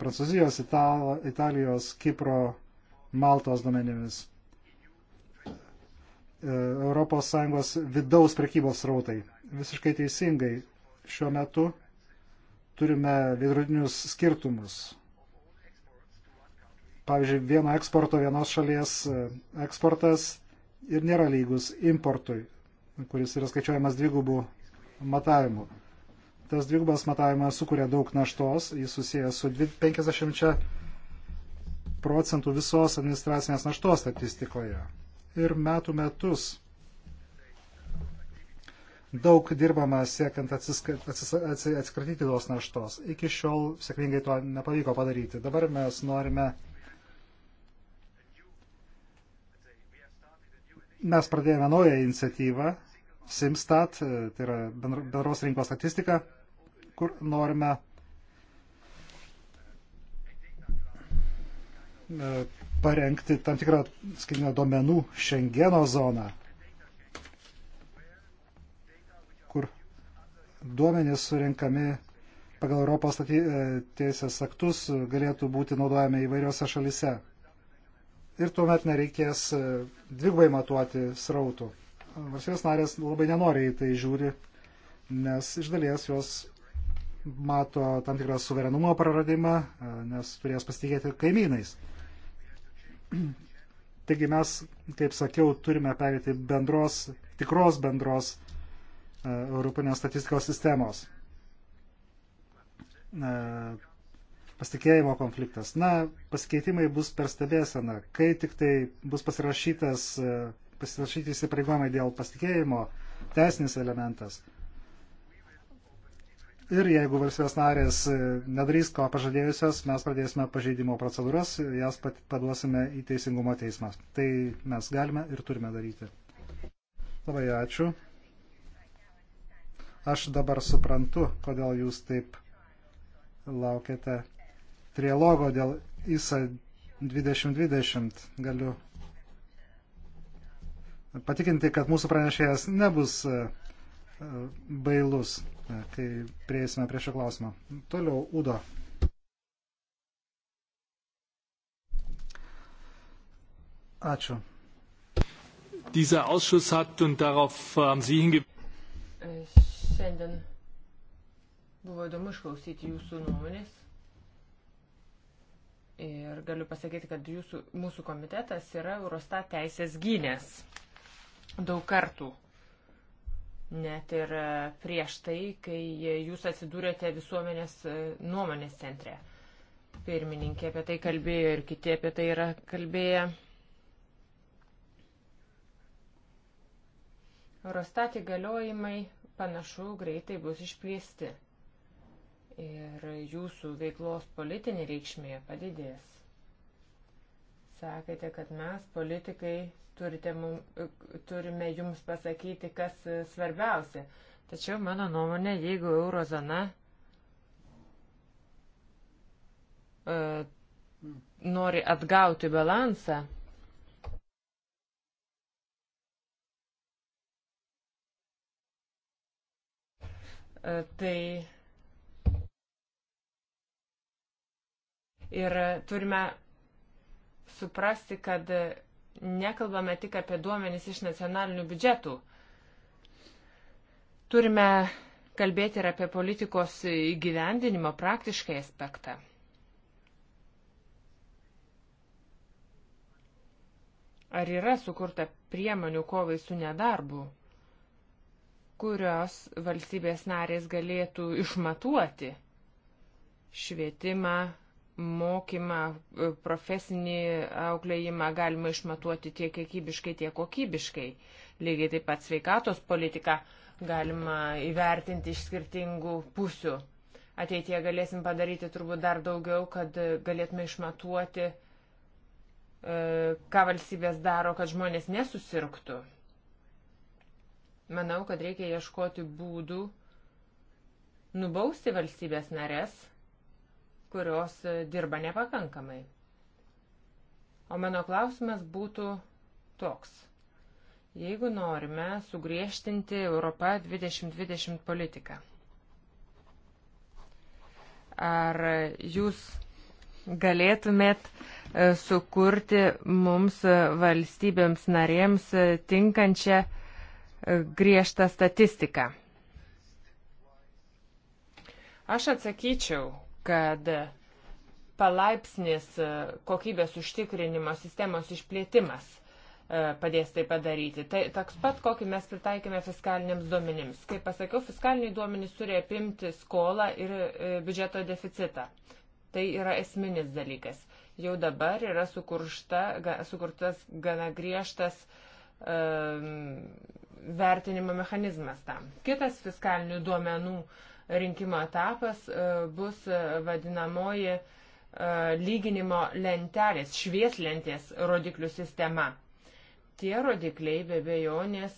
Prancūzijos, Italo, Italijos, Kipro, Maltos duomenimis. ES vidaus prekybos rautai. Visiškai teisingai šiuo metu turime veidrodinius skirtumus. Pavyzdžiui, vieno eksporto vienos šalies e, eksportas ir nėra lygus importui, kuris yra skaičiuojamas dvigubų matavimų. Tas dvigubas matavimas sukuria daug naštos, jis susijęs su 50 procentų visos administracinės naštos statistikoje ir metų metus daug dirbama siekiant atsikratyti tos naštos. Iki šiol sėkmingai to nepavyko padaryti. Dabar mes norime. Mes pradėjome naują iniciatyvą, Simstat, tai yra bendros rinkos statistika, kur norime e, parengti tam tikrą, sakykime, duomenų Šengeno zoną, kur duomenys surinkami pagal Europos e, teisės aktus e, galėtų būti naudojami įvairiose šalise. Ir tuomet nereikės e, dvigubai matuoti srautų. Valstybės narės labai nenoriai tai žiūri, nes iš dalies jos mato tam tikrą suverenumo praradimą, nes turės pasitikėti kaimynais. [clears throat] Taigi mes, kaip sakiau, turime perėti bendros, tikros bendros e, Europinės statistikos sistemos. E, pasitikėjimo konfliktas. Na, pasikeitimai bus per stebėseną. Kai tik tai bus pasirašytas, e, pasirašyti įsipareigojimai dėl pasitikėjimo, teisinis elementas – Ir jeigu valstybės narės e, nedarys ko pažadėjusios, mes pradėsime pažeidimo procedūras, jas paduosime į Teisingumo teismą. Tai mes galime ir turime daryti. Labai ačiū. Aš dabar suprantu, kodėl jūs taip laukiate trialogo dėl ISA 2020. Galiu patikinti, kad mūsų pranešėjas nebus e, e, bailus kai prieisime prie šio klausimo. Toliau, Udo. Ačiū. Dieser Ausschuss hat und darauf äh, haben Sie hingewiesen. Šiandien buvo įdomu išklausyti jūsų nuomonės. Ir galiu pasakyti, kad jūsų, mūsų komitetas yra Eurostat teisės gynės daug kartų net ir e, prieš tai, kai jūs atsidūrėte visuomenės e, nuomonės centre. Pirmininkė apie tai kalbėjo ir kiti apie tai yra kalbėję. Eurostat įgaliojimai panašu greitai bus išplėsti ir jūsų veiklos politinė reikšmė padidės. Sakėte, kad mes, politikai, turite, mum, turime jums pasakyti, kas svarbiausia. Tačiau, mano nuomonė, jeigu eurozona e, nori atgauti balansą, e, tai ir turime suprasti, kad nekalbame tik apie duomenis iš nacionalinių biudžetų. Turime kalbėti ir apie politikos įgyvendinimo praktiškai aspektą. Ar yra sukurta priemonių kovai su nedarbu, kurios valstybės narės galėtų išmatuoti švietimą, mokymą, e, profesinį auklėjimą galima išmatuoti tiek kiekybiškai, tiek kokybiškai. Lygiai taip pat sveikatos politiką galima įvertinti iš skirtingų pusių. Ateityje galėsim padaryti turbūt dar daugiau, kad galėtume išmatuoti, e, ką valstybės daro, kad žmonės nesusirgtų. Manau, kad reikia ieškoti būdų nubausti valstybės narės kurios e, dirba nepakankamai. O mano klausimas būtų toks. Jeigu norime sugriežtinti Europą 2020 politiką, ar jūs galėtumėt e, sukurti mums e, valstybėms narėms tinkančią griežtą statistiką? Aš atsakyčiau, kad palaipsnis e, kokybės užtikrinimo sistemos išplėtimas e, padės tai padaryti. Tai toks pat, kokį mes pritaikėme fiskaliniams duomenims. Kaip pasakiau, fiskaliniai duomenys turi apimti skolą ir e, biudžeto deficitą. Tai yra esminis dalykas. Jau dabar yra sukuršta, sukurtas gana griežtas um, vertinimo mechanizmas tam. Kitas fiskalinių duomenų uh, rinkimo etapas e, bus e, vadinamoji e, lyginimo lentelės, švieslentės rodiklių sistema. Tie rodikliai be bejonės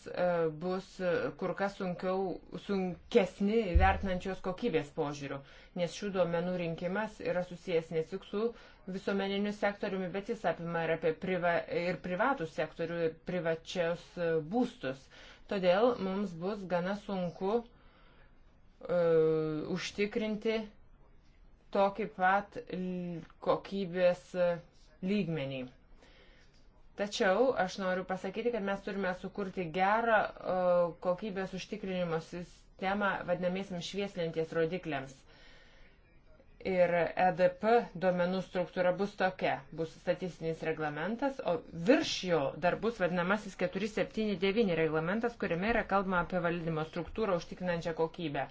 bus kur kas sunkiau, sunkesni vertinančios kokybės požiūrių, nes šių duomenų rinkimas yra susijęs ne tik su visuomeniniu sektoriumi, bet jis apima ir, apie priva, ir privatų sektorių, ir privačios būstus. Todėl mums bus gana sunku uh, E, užtikrinti tokį pat kokybės e, lygmenį. Tačiau aš noriu pasakyti, kad mes turime sukurti gerą e, kokybės užtikrinimo sistemą vadinamiesiam švieslentės rodikliams. Ir EDP duomenų struktūra bus tokia, bus statistinis reglamentas, o virš jo dar bus vadinamasis 479 reglamentas, kuriame yra kalbama apie valdymo struktūrą užtikrinančią kokybę.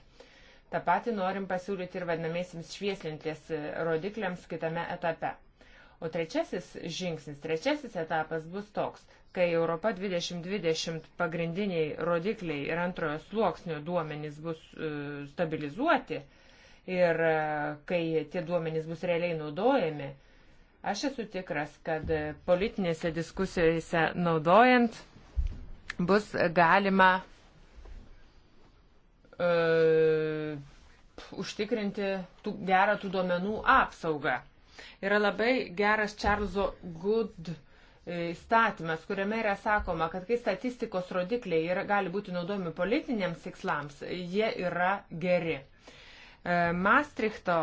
Ta pati norim pasiūlyti ir vadinamiesiams švieslintės rodikliams kitame etape. O trečiasis žingsnis, trečiasis etapas bus toks, kai Europa 2020 pagrindiniai rodikliai ir antrojo sluoksnio duomenys bus e, stabilizuoti ir e, kai tie duomenys bus realiai naudojami, aš esu tikras, kad politinėse diskusijose naudojant bus galima E, užtikrinti tų, gerą tų duomenų apsaugą. Yra labai geras Čarlzo Good e, įstatymas, kuriame yra sakoma, kad kai statistikos rodikliai yra, gali būti naudojami politiniams tikslams, jie yra geri. E, Maastrichto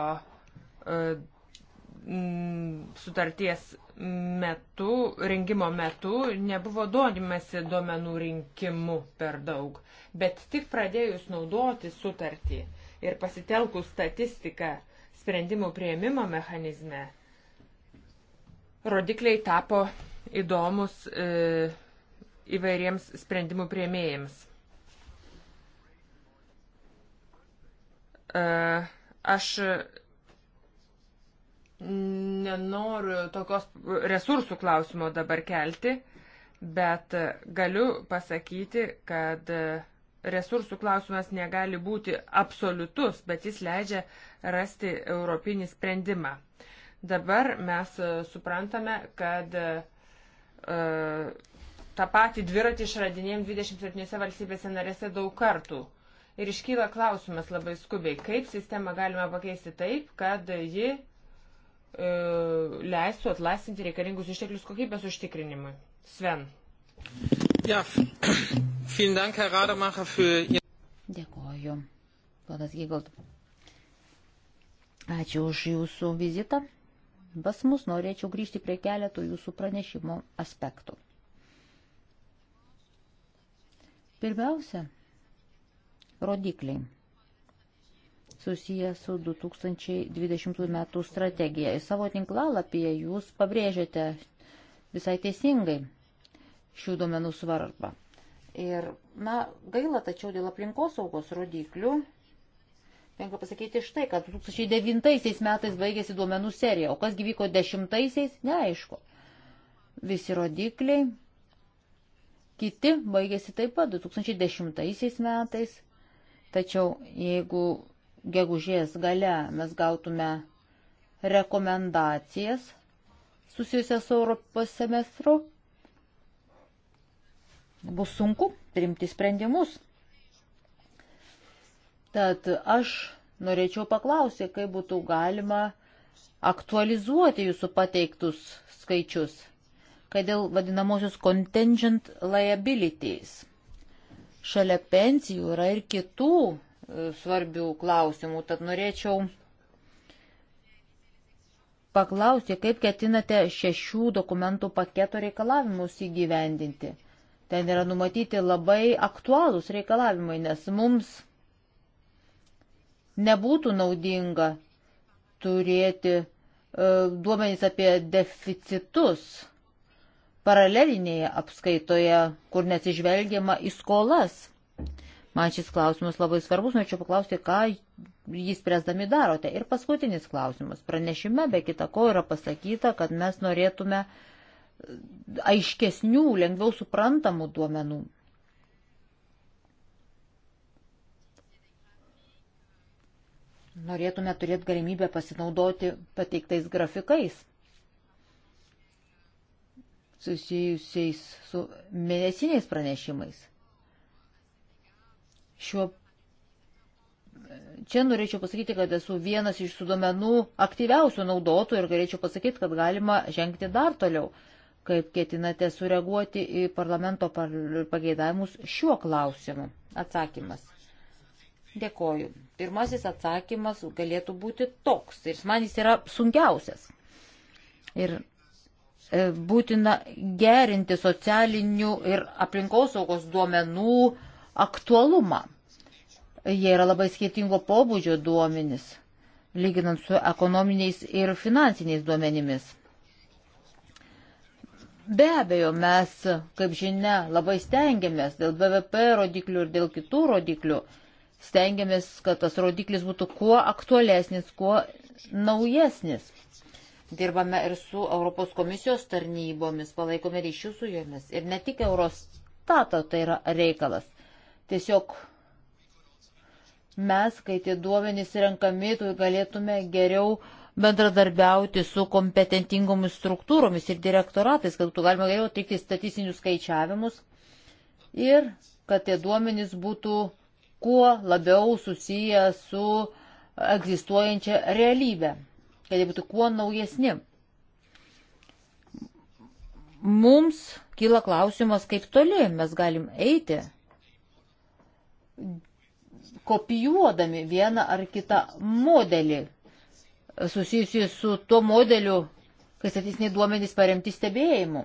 sutarties metu, rengimo metu nebuvo domimasi duomenų rinkimu per daug, bet tik pradėjus naudoti sutartį ir pasitelkus statistiką sprendimų prieimimo mechanizme, rodikliai tapo įdomus e, įvairiems sprendimų prieimėjams. E, aš nenoriu tokios resursų klausimo dabar kelti, bet galiu pasakyti, kad resursų klausimas negali būti absoliutus, bet jis leidžia rasti europinį sprendimą. Dabar mes e, suprantame, kad e, e, tą patį dviratį išradinėjom 27 valstybėse narėse daug kartų. Ir iškyla klausimas labai skubiai, kaip sistemą galima pakeisti taip, kad ji E, leistų atlaisvinti reikalingus išteklius kokybės užtikrinimui. Sven. Ja, vielen Dank, Herr Rademacher, für Ihr. Dėkoju, ponas Gigald. Ačiū už Jūsų vizitą. Pas mus norėčiau grįžti prie keletų Jūsų pranešimo aspektų. Pirmiausia, rodikliai susijęs su 2020 metų strategija. Į savo tinklalapyje jūs pabrėžiate visai teisingai šių duomenų svarbą. Ir, na, gaila, tačiau dėl aplinkosaugos rodiklių, tenka pasakyti štai, kad 2009 metais baigėsi duomenų serija, o kas gyvyko 10-aisiais, neaišku. Visi rodikliai, kiti baigėsi taip pat 2010 metais, tačiau jeigu gegužės gale mes gautume rekomendacijas susijusias su Europos semestru, bus sunku priimti sprendimus. Tad aš norėčiau paklausyti, kaip būtų galima aktualizuoti jūsų pateiktus skaičius, kad dėl vadinamosios contingent liabilities. Šalia pensijų yra ir kitų svarbių klausimų. Tad norėčiau paklausti, kaip ketinate šešių dokumentų paketo reikalavimus įgyvendinti. Ten yra numatyti labai aktualūs reikalavimai, nes mums nebūtų naudinga turėti e, duomenys apie deficitus paralelinėje apskaitoje, kur nesižvelgiama į skolas. Man šis klausimas labai svarbus, norėčiau paklausti, ką jis presdami darote. Ir paskutinis klausimas. Pranešime be kita ko yra pasakyta, kad mes norėtume aiškesnių, lengviau suprantamų duomenų. Norėtume turėti galimybę pasinaudoti pateiktais grafikais susijusiais su mėnesiniais pranešimais. Šiuo... Čia norėčiau pasakyti, kad esu vienas iš sudomenų aktyviausių naudotojų ir galėčiau pasakyti, kad galima žengti dar toliau. Kaip ketinate sureaguoti į parlamento pageidavimus šiuo klausimu? Atsakymas. Dėkoju. Pirmasis atsakymas galėtų būti toks. Ir man jis yra sunkiausias. Ir e, būtina gerinti socialinių ir aplinkosaugos duomenų aktualumą. Jie yra labai skirtingo pobūdžio duomenys, lyginant su ekonominiais ir finansiniais duomenimis. Be abejo, mes, kaip žinia, labai stengiamės dėl BVP rodiklių ir dėl kitų rodiklių, stengiamės, kad tas rodiklis būtų kuo aktualesnis, kuo naujesnis. Dirbame ir su Europos komisijos tarnybomis, palaikome ryšių su jomis. Ir ne tik Eurostato tai yra reikalas. Tiesiog mes, kai tie duomenys renkami, galėtume geriau bendradarbiauti su kompetentingomis struktūromis ir direktoratais, kad būtų galima geriau atlikti statistinius skaičiavimus ir kad tie duomenys būtų kuo labiau susiję su egzistuojančia realybė, kad jie būtų kuo naujesni. Mums kyla klausimas, kaip toli mes galim eiti kopijuodami vieną ar kitą modelį susijusi su tuo modeliu, kai statistiniai duomenys paremti stebėjimu.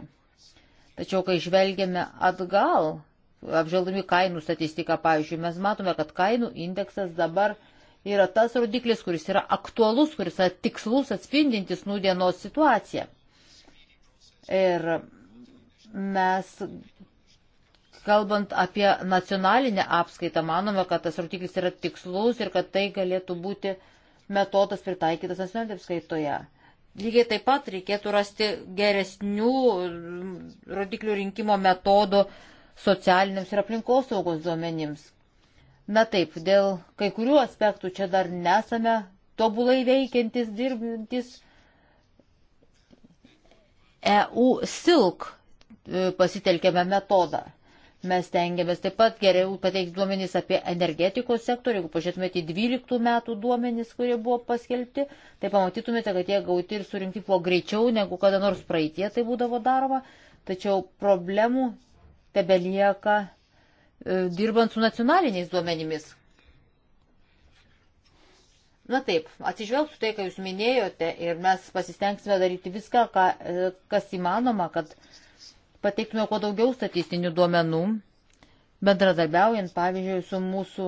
Tačiau, kai žvelgiame atgal, apžvelgdami kainų statistiką, pavyzdžiui, mes matome, kad kainų indeksas dabar yra tas rodiklis, kuris yra aktualus, kuris yra tikslus atspindintis nūdienos situaciją. Ir mes Kalbant apie nacionalinę apskaitą, manome, kad tas rodiklis yra tikslus ir kad tai galėtų būti metodas pritaikytas nacionalinėje apskaitoje. Lygiai taip pat reikėtų rasti geresnių rodiklių rinkimo metodų socialiniams ir aplinkosaugos duomenims. Na taip, dėl kai kurių aspektų čia dar nesame tobulai veikiantis, dirbantis. EU silk e, pasitelkėme metodą. Mes tengiamės taip pat geriau pateikti duomenys apie energetikos sektorių. Jeigu pažiūrėtumėte į 12 metų duomenys, kurie buvo paskelbti, tai pamatytumėte, kad jie gauti ir surinkti buvo greičiau negu kada nors praeitie tai būdavo daroma. Tačiau problemų tebelieka e, dirbant su nacionaliniais duomenimis. Na taip, atsižvelgsiu tai, ką jūs minėjote ir mes pasistengsime daryti viską, ką, e, kas įmanoma, kad pateiktume kuo daugiau statistinių duomenų, bendradarbiaujant, pavyzdžiui, su mūsų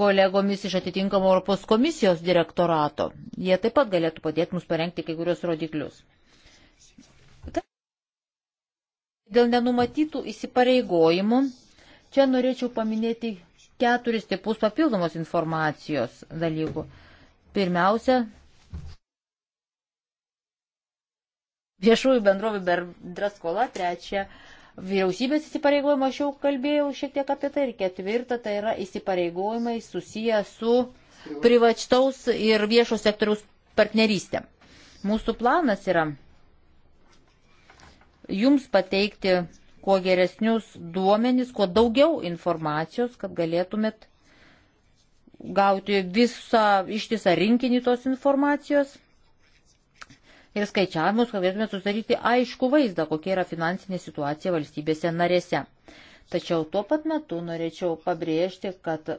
kolegomis iš atitinkamo Europos komisijos direktorato. Jie taip pat galėtų padėti mums parengti kai kurios rodiklius. Dėl nenumatytų įsipareigojimų, čia norėčiau paminėti keturis tipus papildomos informacijos dalykų. Pirmiausia, viešųjų bendrovių bendra skola, trečia vyriausybės įsipareigojimai, aš jau kalbėjau šiek tiek apie tai, ir ketvirta tai yra įsipareigojimai susiję su privačtaus ir viešo sektoriaus partnerystė. Mūsų planas yra jums pateikti kuo geresnius duomenis, kuo daugiau informacijos, kad galėtumėt gauti visą ištisą rinkinį tos informacijos ir skaičiavimus, kad galėtume sudaryti aišku vaizdą, kokia yra finansinė situacija valstybėse narėse. Tačiau tuo pat metu norėčiau pabrėžti, kad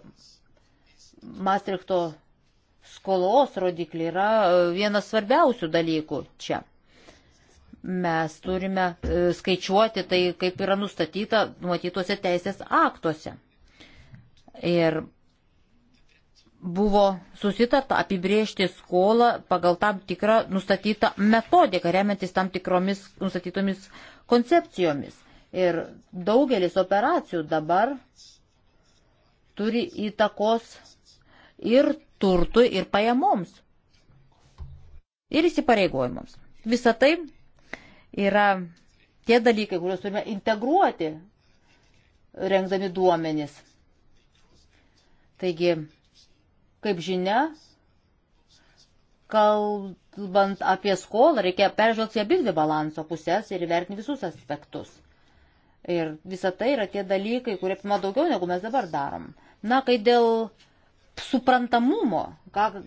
Maastrichto skolos rodikliai yra e, vienas svarbiausių dalykų čia. Mes turime e, skaičiuoti tai, kaip yra nustatyta numatytuose teisės aktuose. Ir buvo susitata apibriežti skolą pagal tam tikrą nustatytą metodiką, remiantis tam tikromis nustatytomis koncepcijomis. Ir daugelis operacijų dabar turi įtakos ir turtui, ir pajamoms, ir įsipareigojimams. Visą tai yra tie dalykai, kuriuos turime integruoti, rengdami duomenis. Taigi, Kaip žinia, kalbant apie skolą, reikia peržvelgti abidvi balanso pusės ir įvertinti visus aspektus. Ir visa tai yra tie dalykai, kurie apima daugiau, negu mes dabar darom. Na, kai dėl suprantamumo, ką e,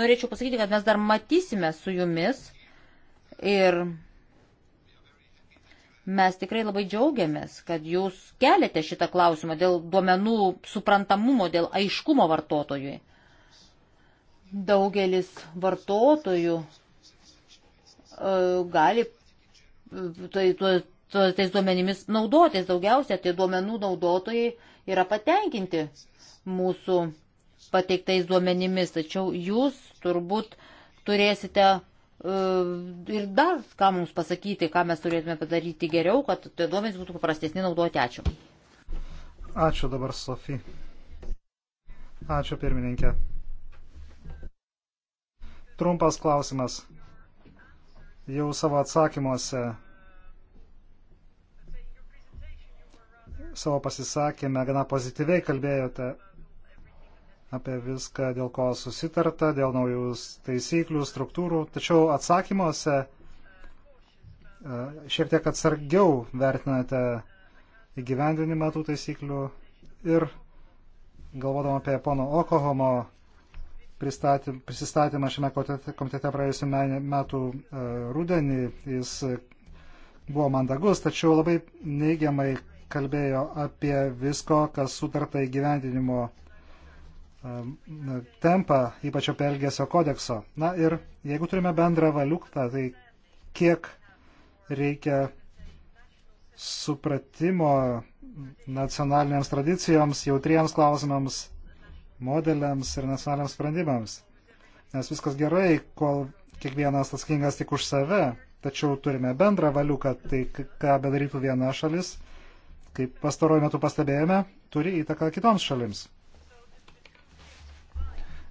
norėčiau pasakyti, kad mes dar matysime su jumis ir mes tikrai labai džiaugiamės, kad jūs keliate šitą klausimą dėl duomenų suprantamumo, dėl aiškumo vartotojui. Daugelis vartotojų e, gali e, tai, tuo, tuo, tais duomenimis naudotis daugiausia, tai duomenų naudotojai yra patenkinti mūsų pateiktais duomenimis, tačiau jūs turbūt turėsite uh, ir dar ką mums pasakyti, ką mes turėtume padaryti geriau, kad tie duomenys būtų paprastesni naudoti. Ačiū. Ačiū dabar, Sofija. Ačiū pirmininkė. Trumpas klausimas. Jau savo atsakymuose, savo pasisakymę gana pozityviai kalbėjote apie viską, dėl ko susitarta, dėl naujų taisyklių, struktūrų. Tačiau atsakymuose e, šiek tiek atsargiau vertinate įgyvendinimą tų taisyklių ir galvodama apie pono Okohomo prisistatymą šiame komitete praėjusiu metu e, rudenį. Jis buvo mandagus, tačiau labai neigiamai kalbėjo apie visko, kas sutarta įgyvendinimo e, tempą, ypač apie Elgesio kodekso. Na ir jeigu turime bendrą valiutą, tai kiek reikia supratimo nacionalinėms tradicijoms, jautriems klausimams modeliams ir nacionaliams sprendimams. Nes viskas gerai, kol kiekvienas atsakingas tik už save, tačiau turime bendrą valiuką, tai ką bedarytų viena šalis, kaip pastaruoju metu pastebėjome, turi įtaką kitoms šalims.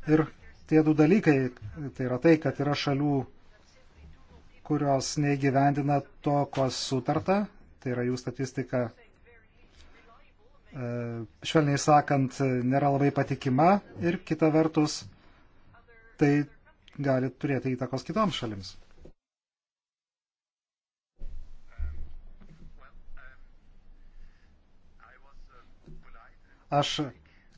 Ir tie du dalykai, tai yra tai, kad yra šalių, kurios neįgyvendina to, ko sutarta, tai yra jų statistika E, švelniai sakant, e, nėra labai patikima ir kita vertus tai gali turėti įtakos kitoms šalims. Aš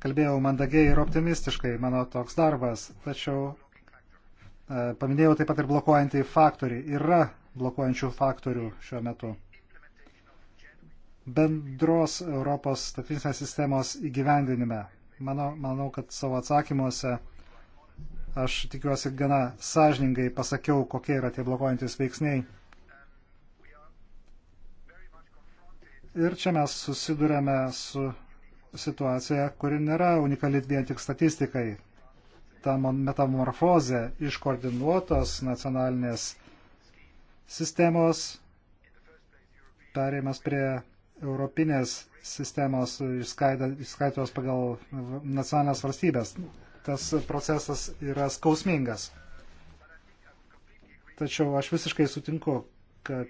kalbėjau mandagiai ir optimistiškai, mano toks darbas, tačiau e, paminėjau taip pat ir blokuojantį faktorių. Yra blokuojančių faktorių šiuo metu bendros Europos statistinės sistemos įgyvendinime. Manau, manau, kad savo atsakymuose aš tikiuosi gana sąžiningai pasakiau, kokie yra tie blokuojantis veiksniai. Ir čia mes susidurėme su situacija, kuri nėra unikali vien tik statistikai. Ta metamorfozė iš koordinuotos nacionalinės sistemos perėjimas prie europinės sistemos išskaitos pagal nacionalinės valstybės. Tas procesas yra skausmingas. Tačiau aš visiškai sutinku, kad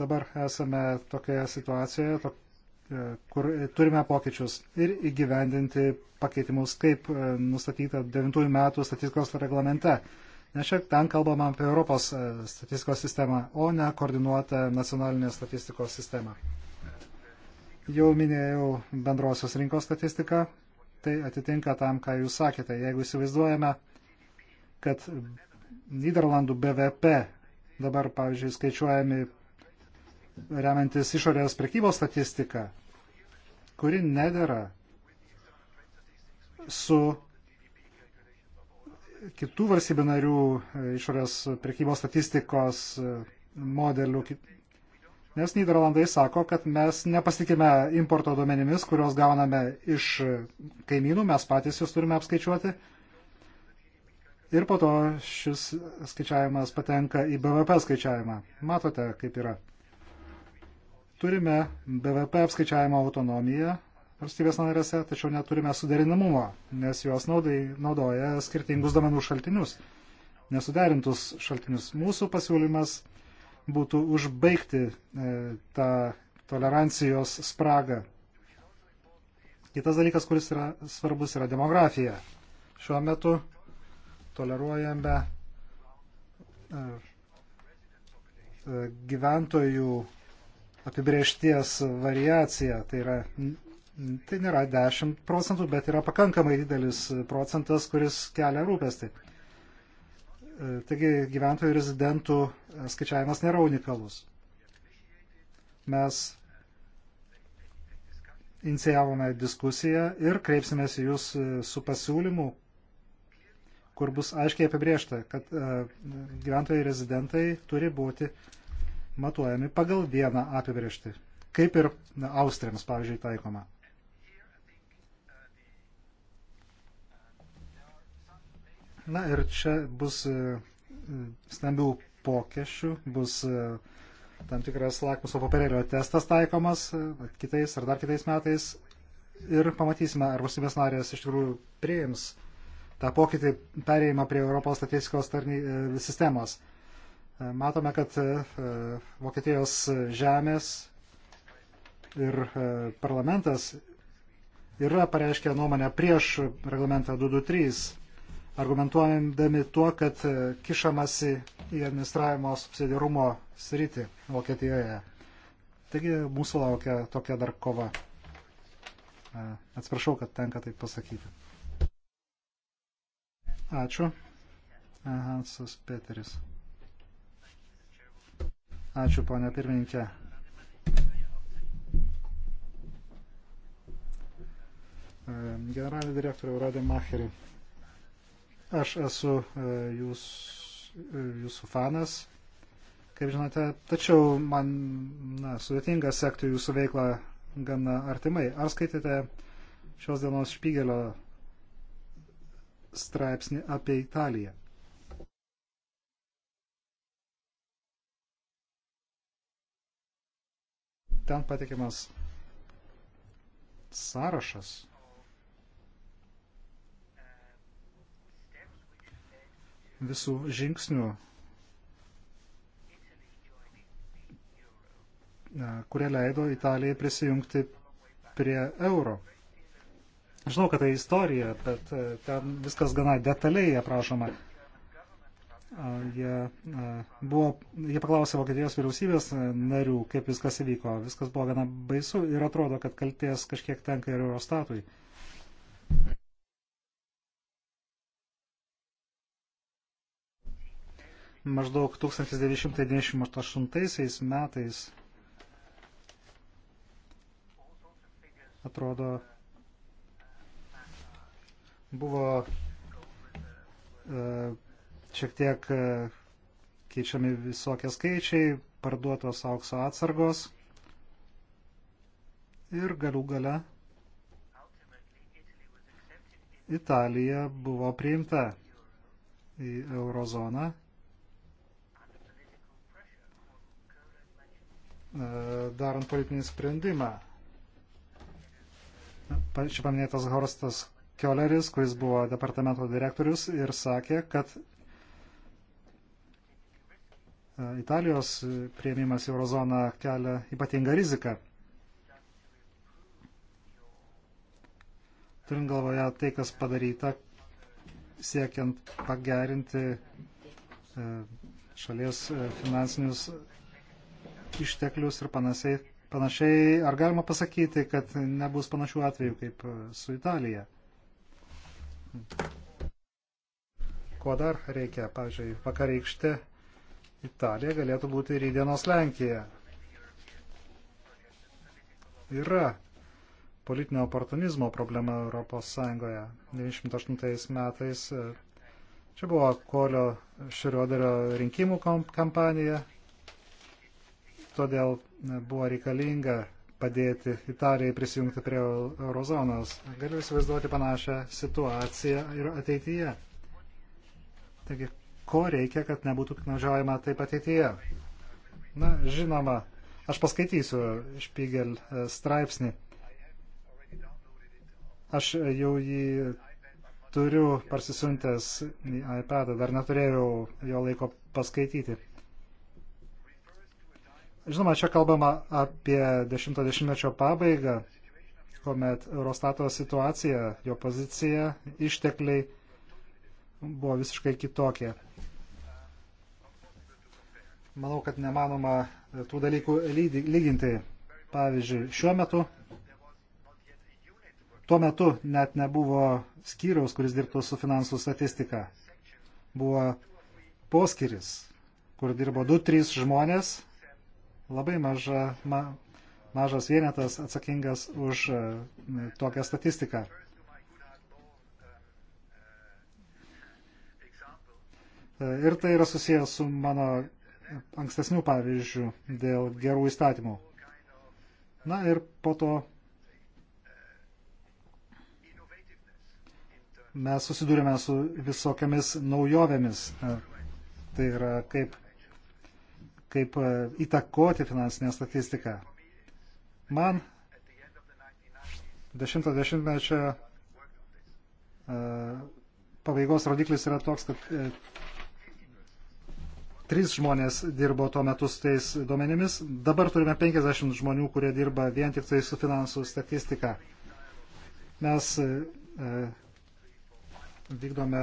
dabar esame tokioje situacijoje, to, e, kur turime pokyčius ir įgyvendinti pakeitimus, kaip e, nustatyta 9 metų statistikos reglamente. Nes čia ten kalbama apie Europos e, statistikos sistemą, o ne koordinuotą nacionalinę statistikos sistemą. Jau minėjau bendrosios rinkos statistiką, tai atitinka tam, ką jūs sakėte. Jeigu įsivaizduojame, kad Niderlandų BVP dabar, pavyzdžiui, skaičiuojami remiantis išorės prekybos statistika, kuri nedėra su kitų valstybių narių e, išorės prekybos statistikos e, modelių. Nes Niderlandai sako, kad mes nepasitikime importo duomenimis, kuriuos gauname iš e, kaimynų, mes patys jūs turime apskaičiuoti. Ir po to šis skaičiavimas patenka į BVP skaičiavimą. Matote, kaip yra. Turime BVP apskaičiavimo autonomiją, valstybės narėse, tačiau neturime suderinamumo, nes juos naudai, naudoja skirtingus domenų šaltinius, nesuderintus šaltinius. Mūsų pasiūlymas būtų užbaigti e, tą tolerancijos spragą. Kitas dalykas, kuris yra svarbus, yra demografija. Šiuo metu toleruojame e, e gyventojų apibriešties variacija, tai yra Tai nėra 10 procentų, bet yra pakankamai didelis procentas, kuris kelia rūpestį. E, taigi gyventojų rezidentų skaičiavimas nėra unikalus. Mes inicijavome diskusiją ir kreipsimės į jūs e, su pasiūlymu, kur bus aiškiai apibriešta, kad e, gyventojai rezidentai turi būti matuojami pagal vieną apibriešti, kaip ir austriams, pavyzdžiui, taikoma. Na ir čia bus e, stambių pokėšių, bus e, tam tikras lakmuso papirėlio testas taikomas e, kitais ar dar kitais metais ir pamatysime, ar valstybės narės iš tikrųjų priims tą pokytį perėjimą prie Europos statistikos tarny, sistemos. Matome, kad Vokietijos žemės ir parlamentas yra pareiškę nuomonę prieš reglamentą 223 argumentuojami tuo, kad e, kišamasi į administravimo subsidiarumo sritį Vokietijoje. Taigi mūsų laukia tokia dar kova. E, atsiprašau, kad tenka taip pasakyti. Ačiū. E, Hansas Peteris. Ačiū, ponia pirmininkė. Generalinį direktorių Radė Macherį. Aš esu e, jūs, e, jūsų fanas, kaip žinote, tačiau man na, sudėtinga sekti jūsų veiklą gana artimai. Ar skaitėte šios dienos špygelio straipsnį apie Italiją? Ten patikimas sąrašas visų žingsnių, e, kurie leido Italijai prisijungti prie euro. Žinau, kad tai istorija, bet e, ten viskas gana detaliai aprašoma. E, jie, buvo, jie paklausė Vokietijos vyriausybės narių, kaip viskas įvyko. Viskas buvo gana baisu ir atrodo, kad kalties kažkiek tenka ir Eurostatui. maždaug 1998 metais atrodo buvo e, šiek tiek e, keičiami visokie skaičiai, parduotos aukso atsargos ir galų gale Italija buvo priimta į eurozoną E, darant politinį sprendimą. Čia paminėtas Horstas Kioleris, kuris buvo departamento direktorius ir sakė, kad e, Italijos prieimimas į eurozoną kelia ypatingą riziką. Turint galvoje tai, kas padaryta, siekiant pagerinti e, šalies finansinius išteklius ir panašiai. panašiai. Ar galima pasakyti, kad nebus panašių atvejų kaip e, su Italija? Ko dar reikia? Pavyzdžiui, vakarykštė Italija galėtų būti rydienos Lenkija. Yra politinio oportunizmo problema Europos Sąjungoje. 98 metais e, čia buvo Kolio Šrioderio rinkimų kampanija todėl e, buvo reikalinga padėti Italijai prisijungti prie eurozonos. Galiu įsivaizduoti panašią situaciją ir ateityje. Taigi, ko reikia, kad nebūtų piknaudžiaujama taip ateityje? Na, žinoma, aš paskaitysiu Špygel e, straipsnį. Aš jau jį turiu parsisiuntęs į iPadą, dar neturėjau jo laiko paskaityti. Žinoma, čia kalbama apie 10-mečio pabaigą, kuomet Eurostato situacija, jo pozicija, ištekliai buvo visiškai kitokie. Manau, kad nemanoma tų dalykų lyginti. Pavyzdžiui, šiuo metu, tuo metu net nebuvo skyriaus, kuris dirbtų su finansų statistika. Buvo poskiris, kur dirbo 2-3 žmonės labai maža, ma, mažas vienetas atsakingas už e, tokią statistiką. E, ir tai yra susijęs su mano ankstesnių pavyzdžių dėl gerų įstatymų. Na ir po to mes susidūrėme su visokiamis naujovėmis. E, tai yra kaip kaip e, įtakoti finansinę statistiką. Man 10-mečio e, pabaigos rodiklis yra toks, kad e, trys žmonės dirbo tuo metu su tais duomenimis. Dabar turime 50 žmonių, kurie dirba vien tik tai su finansų statistika. Mes vykdome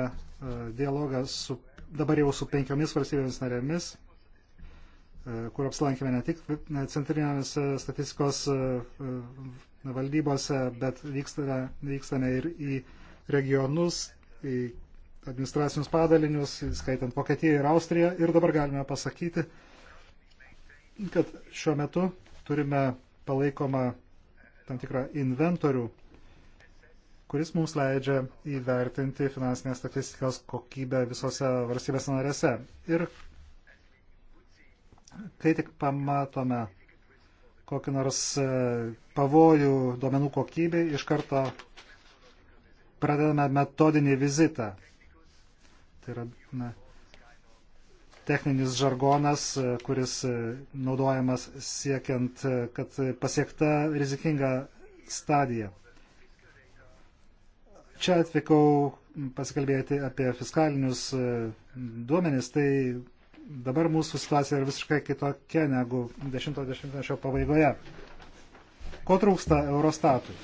dialogą su, dabar jau su penkiomis valstybėmis narėmis E, kur apsilankėme ne tik e, centrinėmis statistikos e, valdybose, bet vykstame, vykstame ir į regionus, į administracinius padalinius, skaitant Vokietiją ir Austriją. Ir dabar galime pasakyti, kad šiuo metu turime palaikomą tam tikrą inventorių, kuris mums leidžia įvertinti finansinės statistikos kokybę visose valstybės narėse. Ir Kai tik pamatome kokį nors e, pavojų duomenų kokybei, iš karto pradedame metodinį vizitą. Tai yra na, techninis žargonas, e, kuris e, naudojamas siekiant, kad pasiekta rizikinga stadija. Čia atvykau pasikalbėti apie fiskalinius duomenis, tai dabar mūsų situacija yra visiškai kitokia negu 10-mečio pabaigoje. Ko trūksta Eurostatui?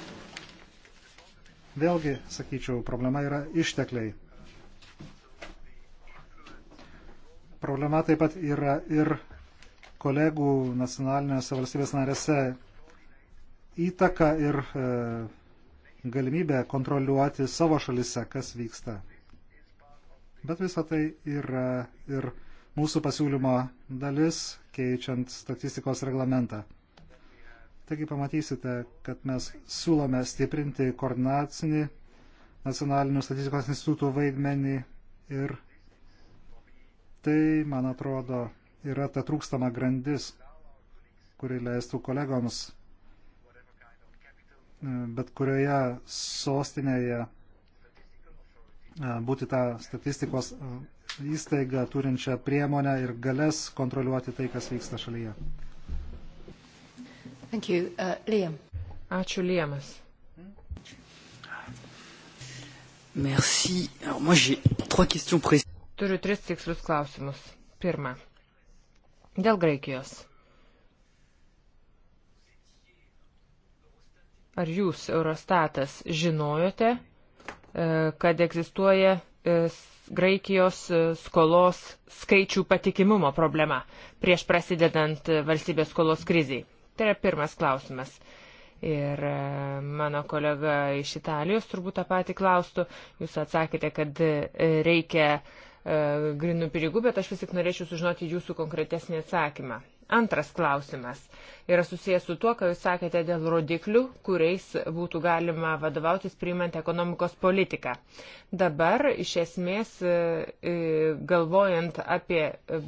Vėlgi, sakyčiau, problema yra ištekliai. Problema taip pat yra ir kolegų nacionalinėse valstybės narėse įtaka ir e, galimybė kontroliuoti savo šalise, kas vyksta. Bet visa tai yra ir. E, mūsų pasiūlymo dalis, keičiant statistikos reglamentą. Taigi pamatysite, kad mes siūlome stiprinti koordinacinį nacionalinių statistikos institutų vaidmenį ir tai, man atrodo, yra ta trūkstama grandis, kuri leistų kolegoms bet kurioje sostinėje būti tą statistikos įstaigą turinčią priemonę ir galės kontroliuoti tai, kas vyksta šalyje. Thank you. Uh, Liam. Ačiū, Liemas. Merci. Alors, moi, j'ai trois questions précises. Turiu tris tikslius klausimus. Pirma. Dėl Graikijos. Ar jūs, Eurostatas, žinojote, e, kad egzistuoja e, Graikijos e, skolos skaičių patikimumo problema prieš prasidedant e, valstybės skolos kriziai? Tai yra pirmas klausimas. Ir e, mano kolega iš Italijos turbūt tą patį klaustų. Jūs atsakėte, kad reikia grinų pinigų, bet aš vis tik norėčiau sužinoti jūsų konkretesnį atsakymą. Antras klausimas yra susijęs su tuo, ką jūs sakėte dėl rodiklių, kuriais būtų galima vadovautis priimant ekonomikos politiką. Dabar iš esmės e, e, galvojant apie e,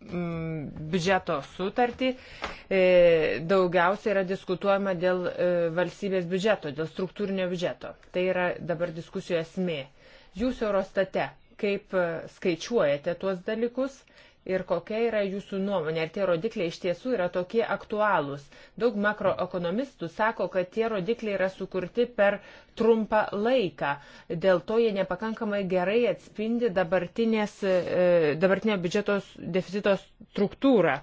biudžeto sutartį, daugiausia yra diskutuojama dėl valstybės biudžeto, dėl struktūrinio biudžeto. Tai yra dabar diskusijų esmė. Jūs Eurostate, kaip skaičiuojate tuos dalykus ir kokia yra jūsų nuomonė, ar tie rodikliai iš tiesų yra tokie aktualūs. Daug makroekonomistų sako, kad tie rodikliai yra sukurti per trumpą laiką, dėl to jie nepakankamai gerai atspindi e, dabartinio biudžeto deficito struktūrą.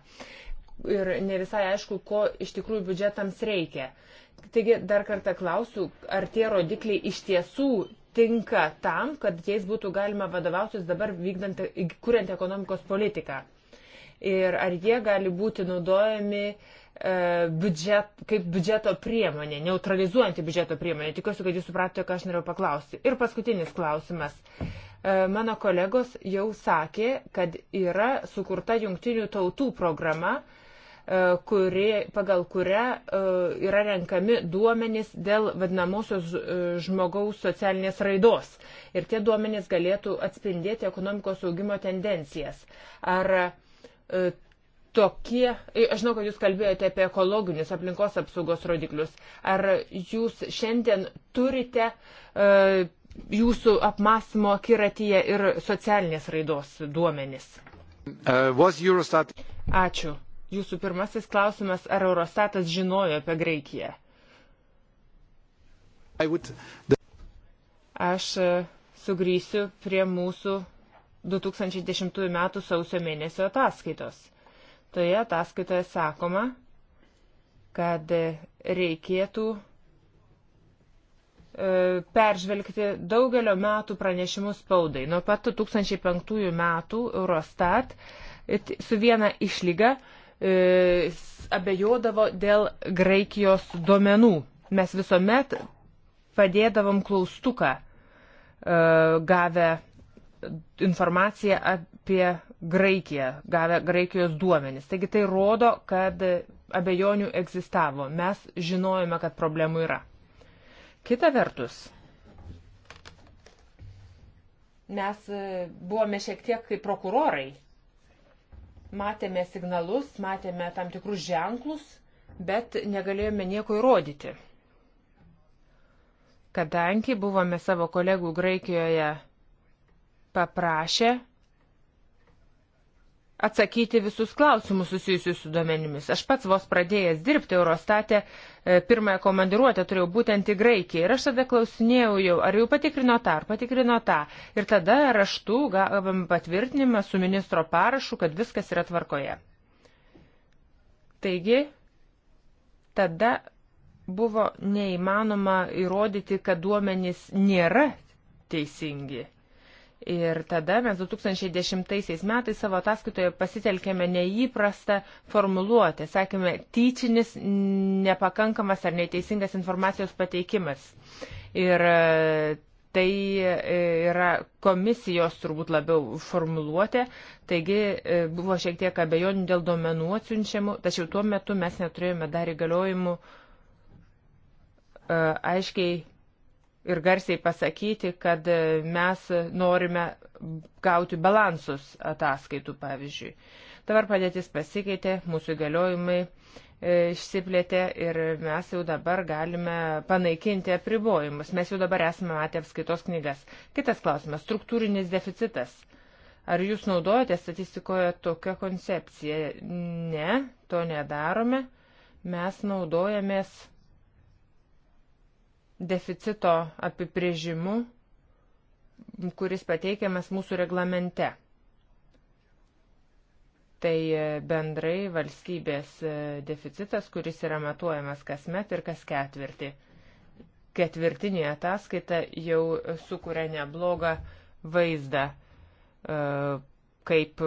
Ir ne visai aišku, ko iš tikrųjų biudžetams reikia. Taigi dar kartą klausiu, ar tie rodikliai iš tiesų tinka tam, kad jais būtų galima vadovautis dabar vykdant, kuriant ekonomikos politiką. Ir ar jie gali būti naudojami e, biudžet, kaip biudžeto priemonė, neutralizuojanti biudžeto priemonė. Tikiuosi, kad jūs supratote, ką aš norėjau paklausti. Ir paskutinis klausimas. E, mano kolegos jau sakė, kad yra sukurta jungtinių tautų programa, e, E, kuri, pagal kurią e, yra renkami duomenys dėl vadinamosios e, žmogaus socialinės raidos. Ir tie duomenys galėtų atspindėti ekonomikos augimo tendencijas. Ar tokie, aš žinau, kad jūs kalbėjote apie ekologinius aplinkos apsaugos rodiklius, ar jūs šiandien turite e, jūsų apmąstymo akiratyje ir socialinės raidos duomenis? Uh, Ačiū. Jūsų pirmasis klausimas, ar Eurostatas žinojo apie Graikiją? Would... Aš e, sugrįsiu prie mūsų 2010 m. sausio mėnesio ataskaitos. Toje ataskaitoje sakoma, kad e, reikėtų e, peržvelgti daugelio metų pranešimus spaudai. Nuo pat 2005 metų Eurostat su viena išlyga E, abejodavo dėl Graikijos duomenų. Mes visuomet padėdavom klaustuką e, gavę informaciją apie Graikiją, gavę Graikijos duomenis. Taigi tai rodo, kad abejonių egzistavo. Mes žinojome, kad problemų yra. Kita vertus, mes e, buvome šiek tiek kaip prokurorai matėme signalus, matėme tam tikrus ženklus, bet negalėjome nieko įrodyti. Kadangi buvome savo kolegų Graikijoje paprašę atsakyti visus klausimus susijusius su duomenimis. Aš pats vos pradėjęs dirbti Eurostate, e, pirmąją komandiruotę turėjau būtent į Graikiją ir aš tada klausinėjau jau, ar jau patikrino tą, ar patikrino tą. Ir tada raštu gavom patvirtinimą su ministro parašu, kad viskas yra tvarkoje. Taigi, tada buvo neįmanoma įrodyti, kad duomenys nėra teisingi. Ir tada mes 2010 metais savo ataskaitoje pasitelkėme neįprastą formuluotę. Sakėme, tyčinis nepakankamas ar neteisingas informacijos pateikimas. Ir e, tai e, yra komisijos turbūt labiau formuluotė, taigi e, buvo šiek tiek abejonių dėl duomenų atsiunčiamų, tačiau tuo metu mes neturėjome dar įgaliojimų aiškiai ir garsiai pasakyti, kad e, mes norime gauti balansus ataskaitų, pavyzdžiui. Dabar padėtis pasikeitė, mūsų įgaliojimai e, išsiplėtė ir mes jau dabar galime panaikinti apribojimus. Mes jau dabar esame matę apskaitos knygas. Kitas klausimas - struktūrinis deficitas. Ar jūs naudojate statistikoje tokią koncepciją? Ne, to nedarome. Mes naudojamės deficito apibrėžimu, kuris pateikiamas mūsų reglamente. Tai bendrai valstybės deficitas, kuris yra matuojamas kasmet ir kas ketvirtį. Ketvirtinė ataskaita jau sukuria neblogą vaizdą, e, kaip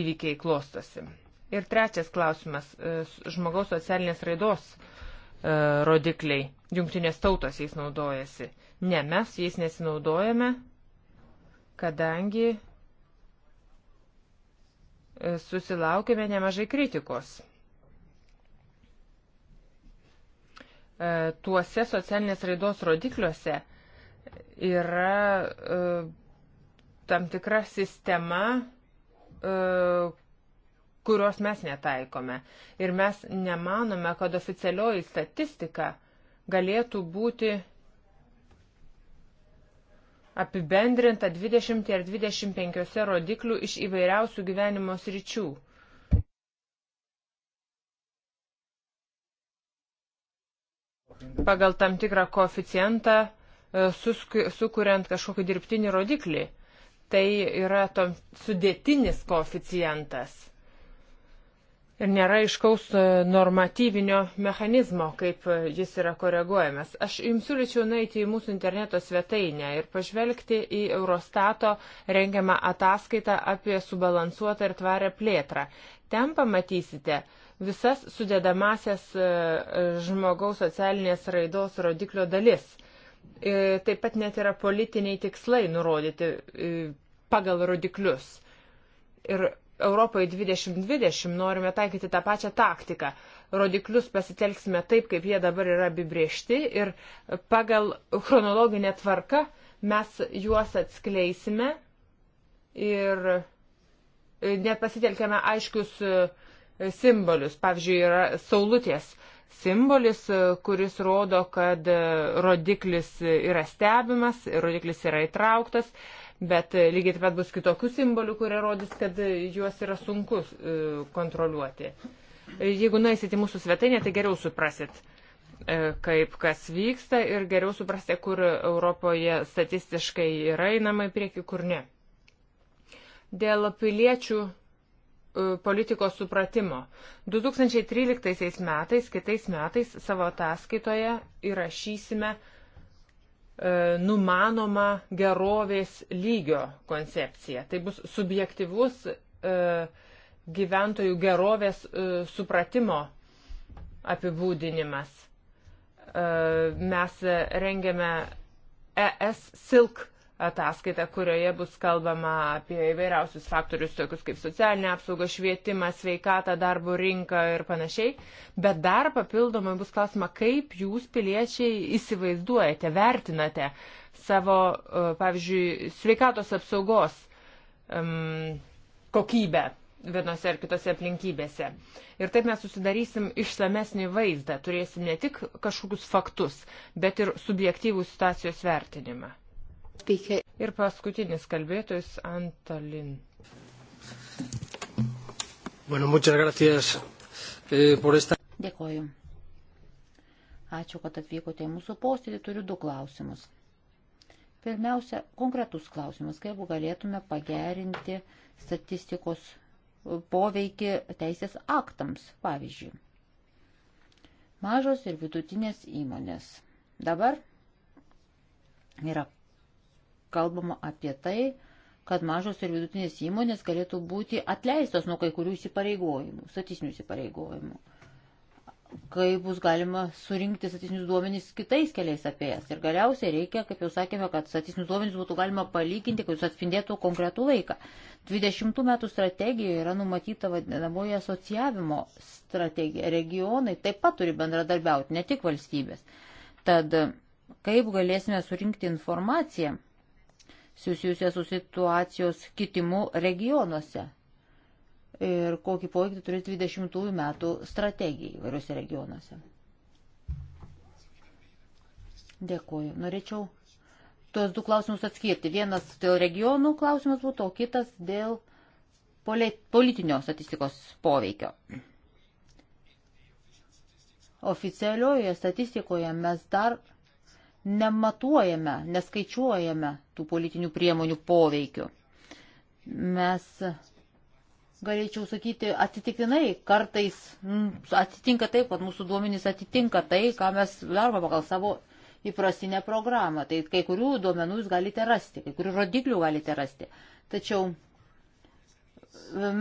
įvykiai klostosi. Ir trečias klausimas e, - žmogaus socialinės raidos uh, E, rodikliai. Jungtinės tautos jais naudojasi. Ne, mes jais nesinaudojame, kadangi e, susilaukėme nemažai kritikos. E, tuose socialinės raidos rodikliuose yra tam tikra sistema, kurios mes netaikome. Ir mes nemanome, kad oficialioji statistika galėtų būti apibendrinta 20 ar 25 rodiklių iš įvairiausių gyvenimo sričių. Pagal tam tikrą koeficientą, e, sukuriant kažkokį dirbtinį rodiklį. Tai yra tom sudėtinis koeficientas ir nėra iškaus e, normatyvinio mechanizmo, kaip e, jis yra koreguojamas. Aš jums siūlyčiau nueiti į mūsų interneto svetainę ir pažvelgti į Eurostato rengiamą ataskaitą apie subalansuotą ir tvarę plėtrą. Ten pamatysite visas sudėdamasias e, žmogaus socialinės raidos rodiklio dalis. Taip pat net yra politiniai tikslai nurodyti pagal rodiklius. Ir Europoje 2020 norime taikyti tą pačią taktiką. Rodiklius pasitelksime taip, kaip jie dabar yra apibriežti ir pagal chronologinę tvarką mes juos atskleisime ir e, nepasitelkėme aiškius e, simbolius. Pavyzdžiui, yra saulutės simbolis, e, kuris rodo, kad rodiklis yra stebimas, rodiklis yra įtrauktas bet e, lygiai taip pat bus kitokių simbolių, kurie rodys, kad e, juos yra sunku e, kontroliuoti. Jeigu nueisit į mūsų svetainę, tai geriau suprasit, kaip kas vyksta ir geriau suprasite, kur Europoje statistiškai yra einama į priekį, kur ne. Dėl piliečių politikos supratimo. 2013 metais, kitais metais savo ataskaitoje įrašysime uh, E, numanoma gerovės lygio koncepcija. Tai bus subjektivus e, gyventojų gerovės e, supratimo apibūdinimas. Mes rengiame ES silk ataskaitą, kurioje bus kalbama apie įvairiausius faktorius, tokius kaip socialinė apsauga, švietimas, sveikata, darbo rinka ir panašiai. Bet dar papildomai bus klausima, kaip jūs piliečiai įsivaizduojate, vertinate savo, e, pavyzdžiui, sveikatos apsaugos um, kokybę vienose ar kitose aplinkybėse. Ir taip mes susidarysim išsamesnį vaizdą, turėsim ne tik kažkokius faktus, bet ir subjektyvų situacijos vertinimą. Ir paskutinis kalbėtojas Antolin. Bueno, muchas gracias eh, por esta. Dėkoju. Ačiū, kad atvykote į mūsų posėdį. Turiu du klausimus. Pirmiausia, konkretus klausimas, kaip galėtume pagerinti statistikos e, poveikį teisės aktams, pavyzdžiui. Mažos ir vidutinės įmonės. Dabar yra kalbama apie tai, kad mažos ir vidutinės įmonės galėtų būti atleistos nuo kai kurių įsipareigojimų, statistinių įsipareigojimų. Kai bus galima surinkti statistinius duomenys kitais keliais apie jas. Ir galiausiai reikia, kaip jau sakėme, kad statistinius duomenys būtų galima palyginti, kad jūs atspindėtų konkretų laiką. 20 metų strategijoje yra numatyta vadinamoji asociavimo strategija. Regionai taip pat turi bendradarbiauti, ne tik valstybės. Tad kaip galėsime surinkti informaciją susijusią su situacijos kitimu regionuose ir kokį poveikį turi 20 metų strategija įvairiuose regionuose. Dėkuoju. Norėčiau tuos du klausimus atskirti. Vienas dėl regionų klausimas būtų, o kitas dėl politinio statistikos poveikio. Oficialioje statistikoje mes dar nematuojame, neskaičiuojame tų politinių priemonių poveikių. Mes, galėčiau sakyti, atsitiktinai kartais atsitinka taip, kad mūsų duomenys atitinka tai, ką mes darome pagal savo įprastinę programą. Tai kai kurių duomenų jūs galite rasti, kai kurių rodiklių galite rasti. Tačiau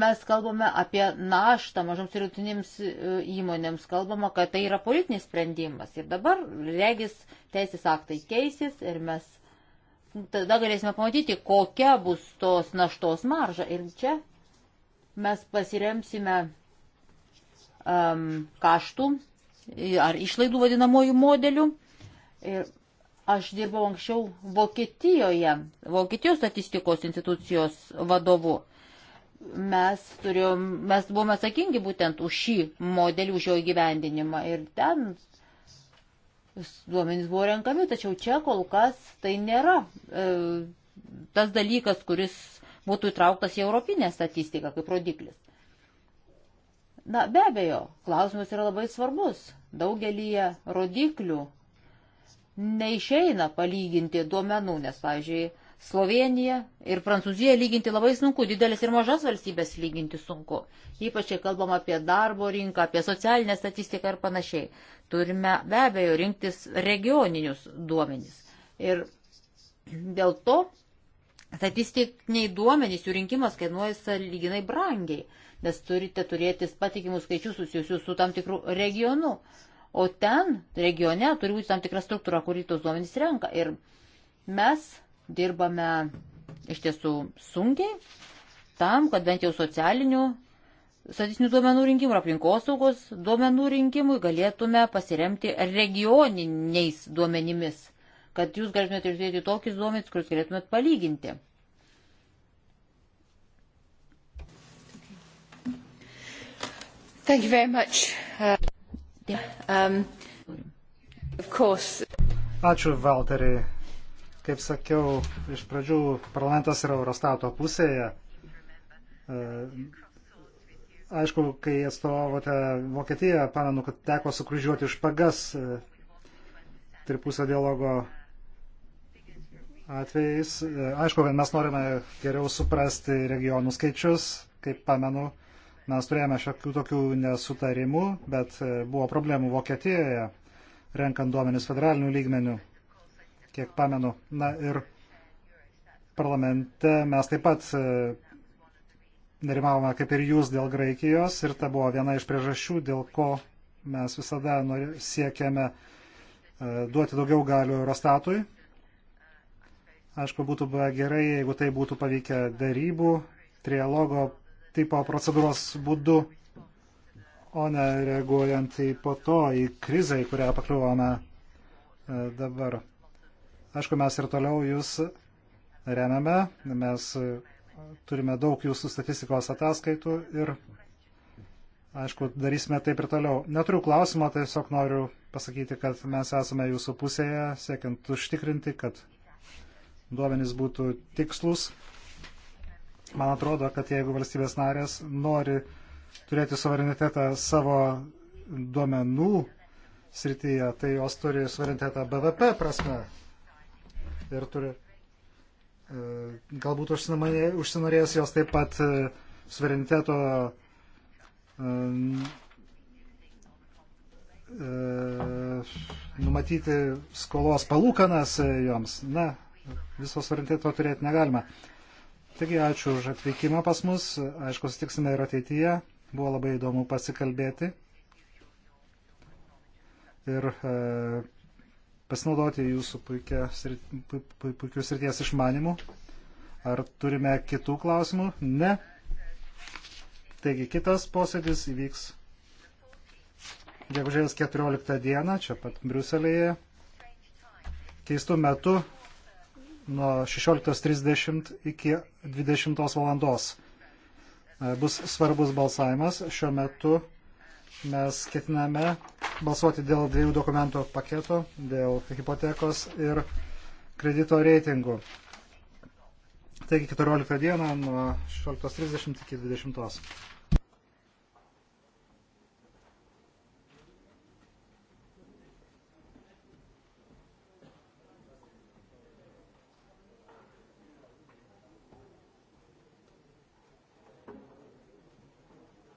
mes kalbame apie naštą mažoms ir rytinėms e, įmonėms, kalbama, kad tai yra politinis sprendimas. Ir dabar, regis, teisės aktai keisis ir mes tada galėsime pamatyti, kokia bus tos naštos marža. Ir čia mes pasiremsime um, kaštų ar išlaidų vadinamojų modelių. Ir aš dirbau anksčiau Vokietijoje, Vokietijos statistikos institucijos vadovu mes, turėjom, mes buvome atsakingi būtent už šį modelį, už jo įgyvendinimą. Ir ten duomenys buvo renkami, tačiau čia kol kas tai nėra e, tas dalykas, kuris būtų įtrauktas į europinę statistiką kaip rodiklis. Na, be abejo, klausimas yra labai svarbus. Daugelį rodiklių neišeina palyginti duomenų, nes, pavyzdžiui, Sloveniją ir Prancūziją lyginti labai sunku, didelis ir mažas valstybės lyginti sunku. Ypač, kai kalbam apie darbo rinką, apie socialinę statistiką ir panašiai. Turime be abejo rinktis regioninius duomenys. Ir dėl to statistiniai duomenys, jų rinkimas kainuoja saliginai brangiai, nes turite turėti patikimus skaičius susijusius su tam tikru regionu. O ten, regione, turi būti tam tikra struktūra, kurį tos duomenys renka. Ir mes dirbame iš tiesų sunkiai tam, kad bent jau socialinių statistinių duomenų rinkimų ir aplinkosaugos duomenų rinkimui galėtume pasiremti regioniniais duomenimis, kad jūs galėtumėte žiūrėti tokius duomenys, kuriuos galėtumėt palyginti. Thank you very much. Uh, um, of course. Ačiū, Valteriai. Kaip sakiau, iš pradžių parlamentas yra Eurostato pusėje. E, aišku, kai atstovavote Vokietiją, pamenu, kad teko sukryžiuoti špagas e, tripusio dialogo atvejais. E, aišku, kad mes norime geriau suprasti regionų skaičius, kaip pamenu, Mes turėjome šiokių tokių nesutarimų, bet buvo problemų Vokietijoje, renkant duomenis federalinių lygmenių kiek pamenu. Na ir parlamente mes taip pat e, nerimavome kaip ir jūs dėl Graikijos ir ta buvo viena iš priežasčių, dėl ko mes visada siekiame e, duoti daugiau galių Eurostatui. Aišku, būtų buvę gerai, jeigu tai būtų pavykę darybų, trialogo tipo procedūros būdu, o ne reaguojant į po to į krizę, į kurią pakliuvome e, dabar. Aišku, mes ir toliau jūs remiame, mes turime daug jūsų statistikos ataskaitų ir, aišku, darysime taip ir toliau. Neturiu klausimo, tiesiog noriu pasakyti, kad mes esame jūsų pusėje, siekiant užtikrinti, kad duomenys būtų tikslus. Man atrodo, kad jeigu valstybės narės nori turėti suverenitetą savo duomenų srityje, tai jos turi suverenitetą BVP prasme ir turi, e, galbūt užsinorės jos taip pat e, suvereniteto e, numatyti skolos palūkanas joms. Na, viso suvereniteto turėti negalima. Taigi ačiū už atvykimą pas mus. Aišku, sutiksime ir ateityje. Buvo labai įdomu pasikalbėti. Ir e, pasinaudoti jūsų puikius srities išmanimų. Ar turime kitų klausimų? Ne. Taigi kitas posėdis įvyks gegužės 14 dieną, čia pat Briuselėje, keistų metų nuo 16.30 iki 20 valandos. E, bus svarbus balsavimas. Šiuo metu mes ketiname balsuoti dėl dviejų dokumentų paketo, dėl hipotekos ir kredito reitingų. Taigi 14 dieną nuo 16.30 iki 20. .00.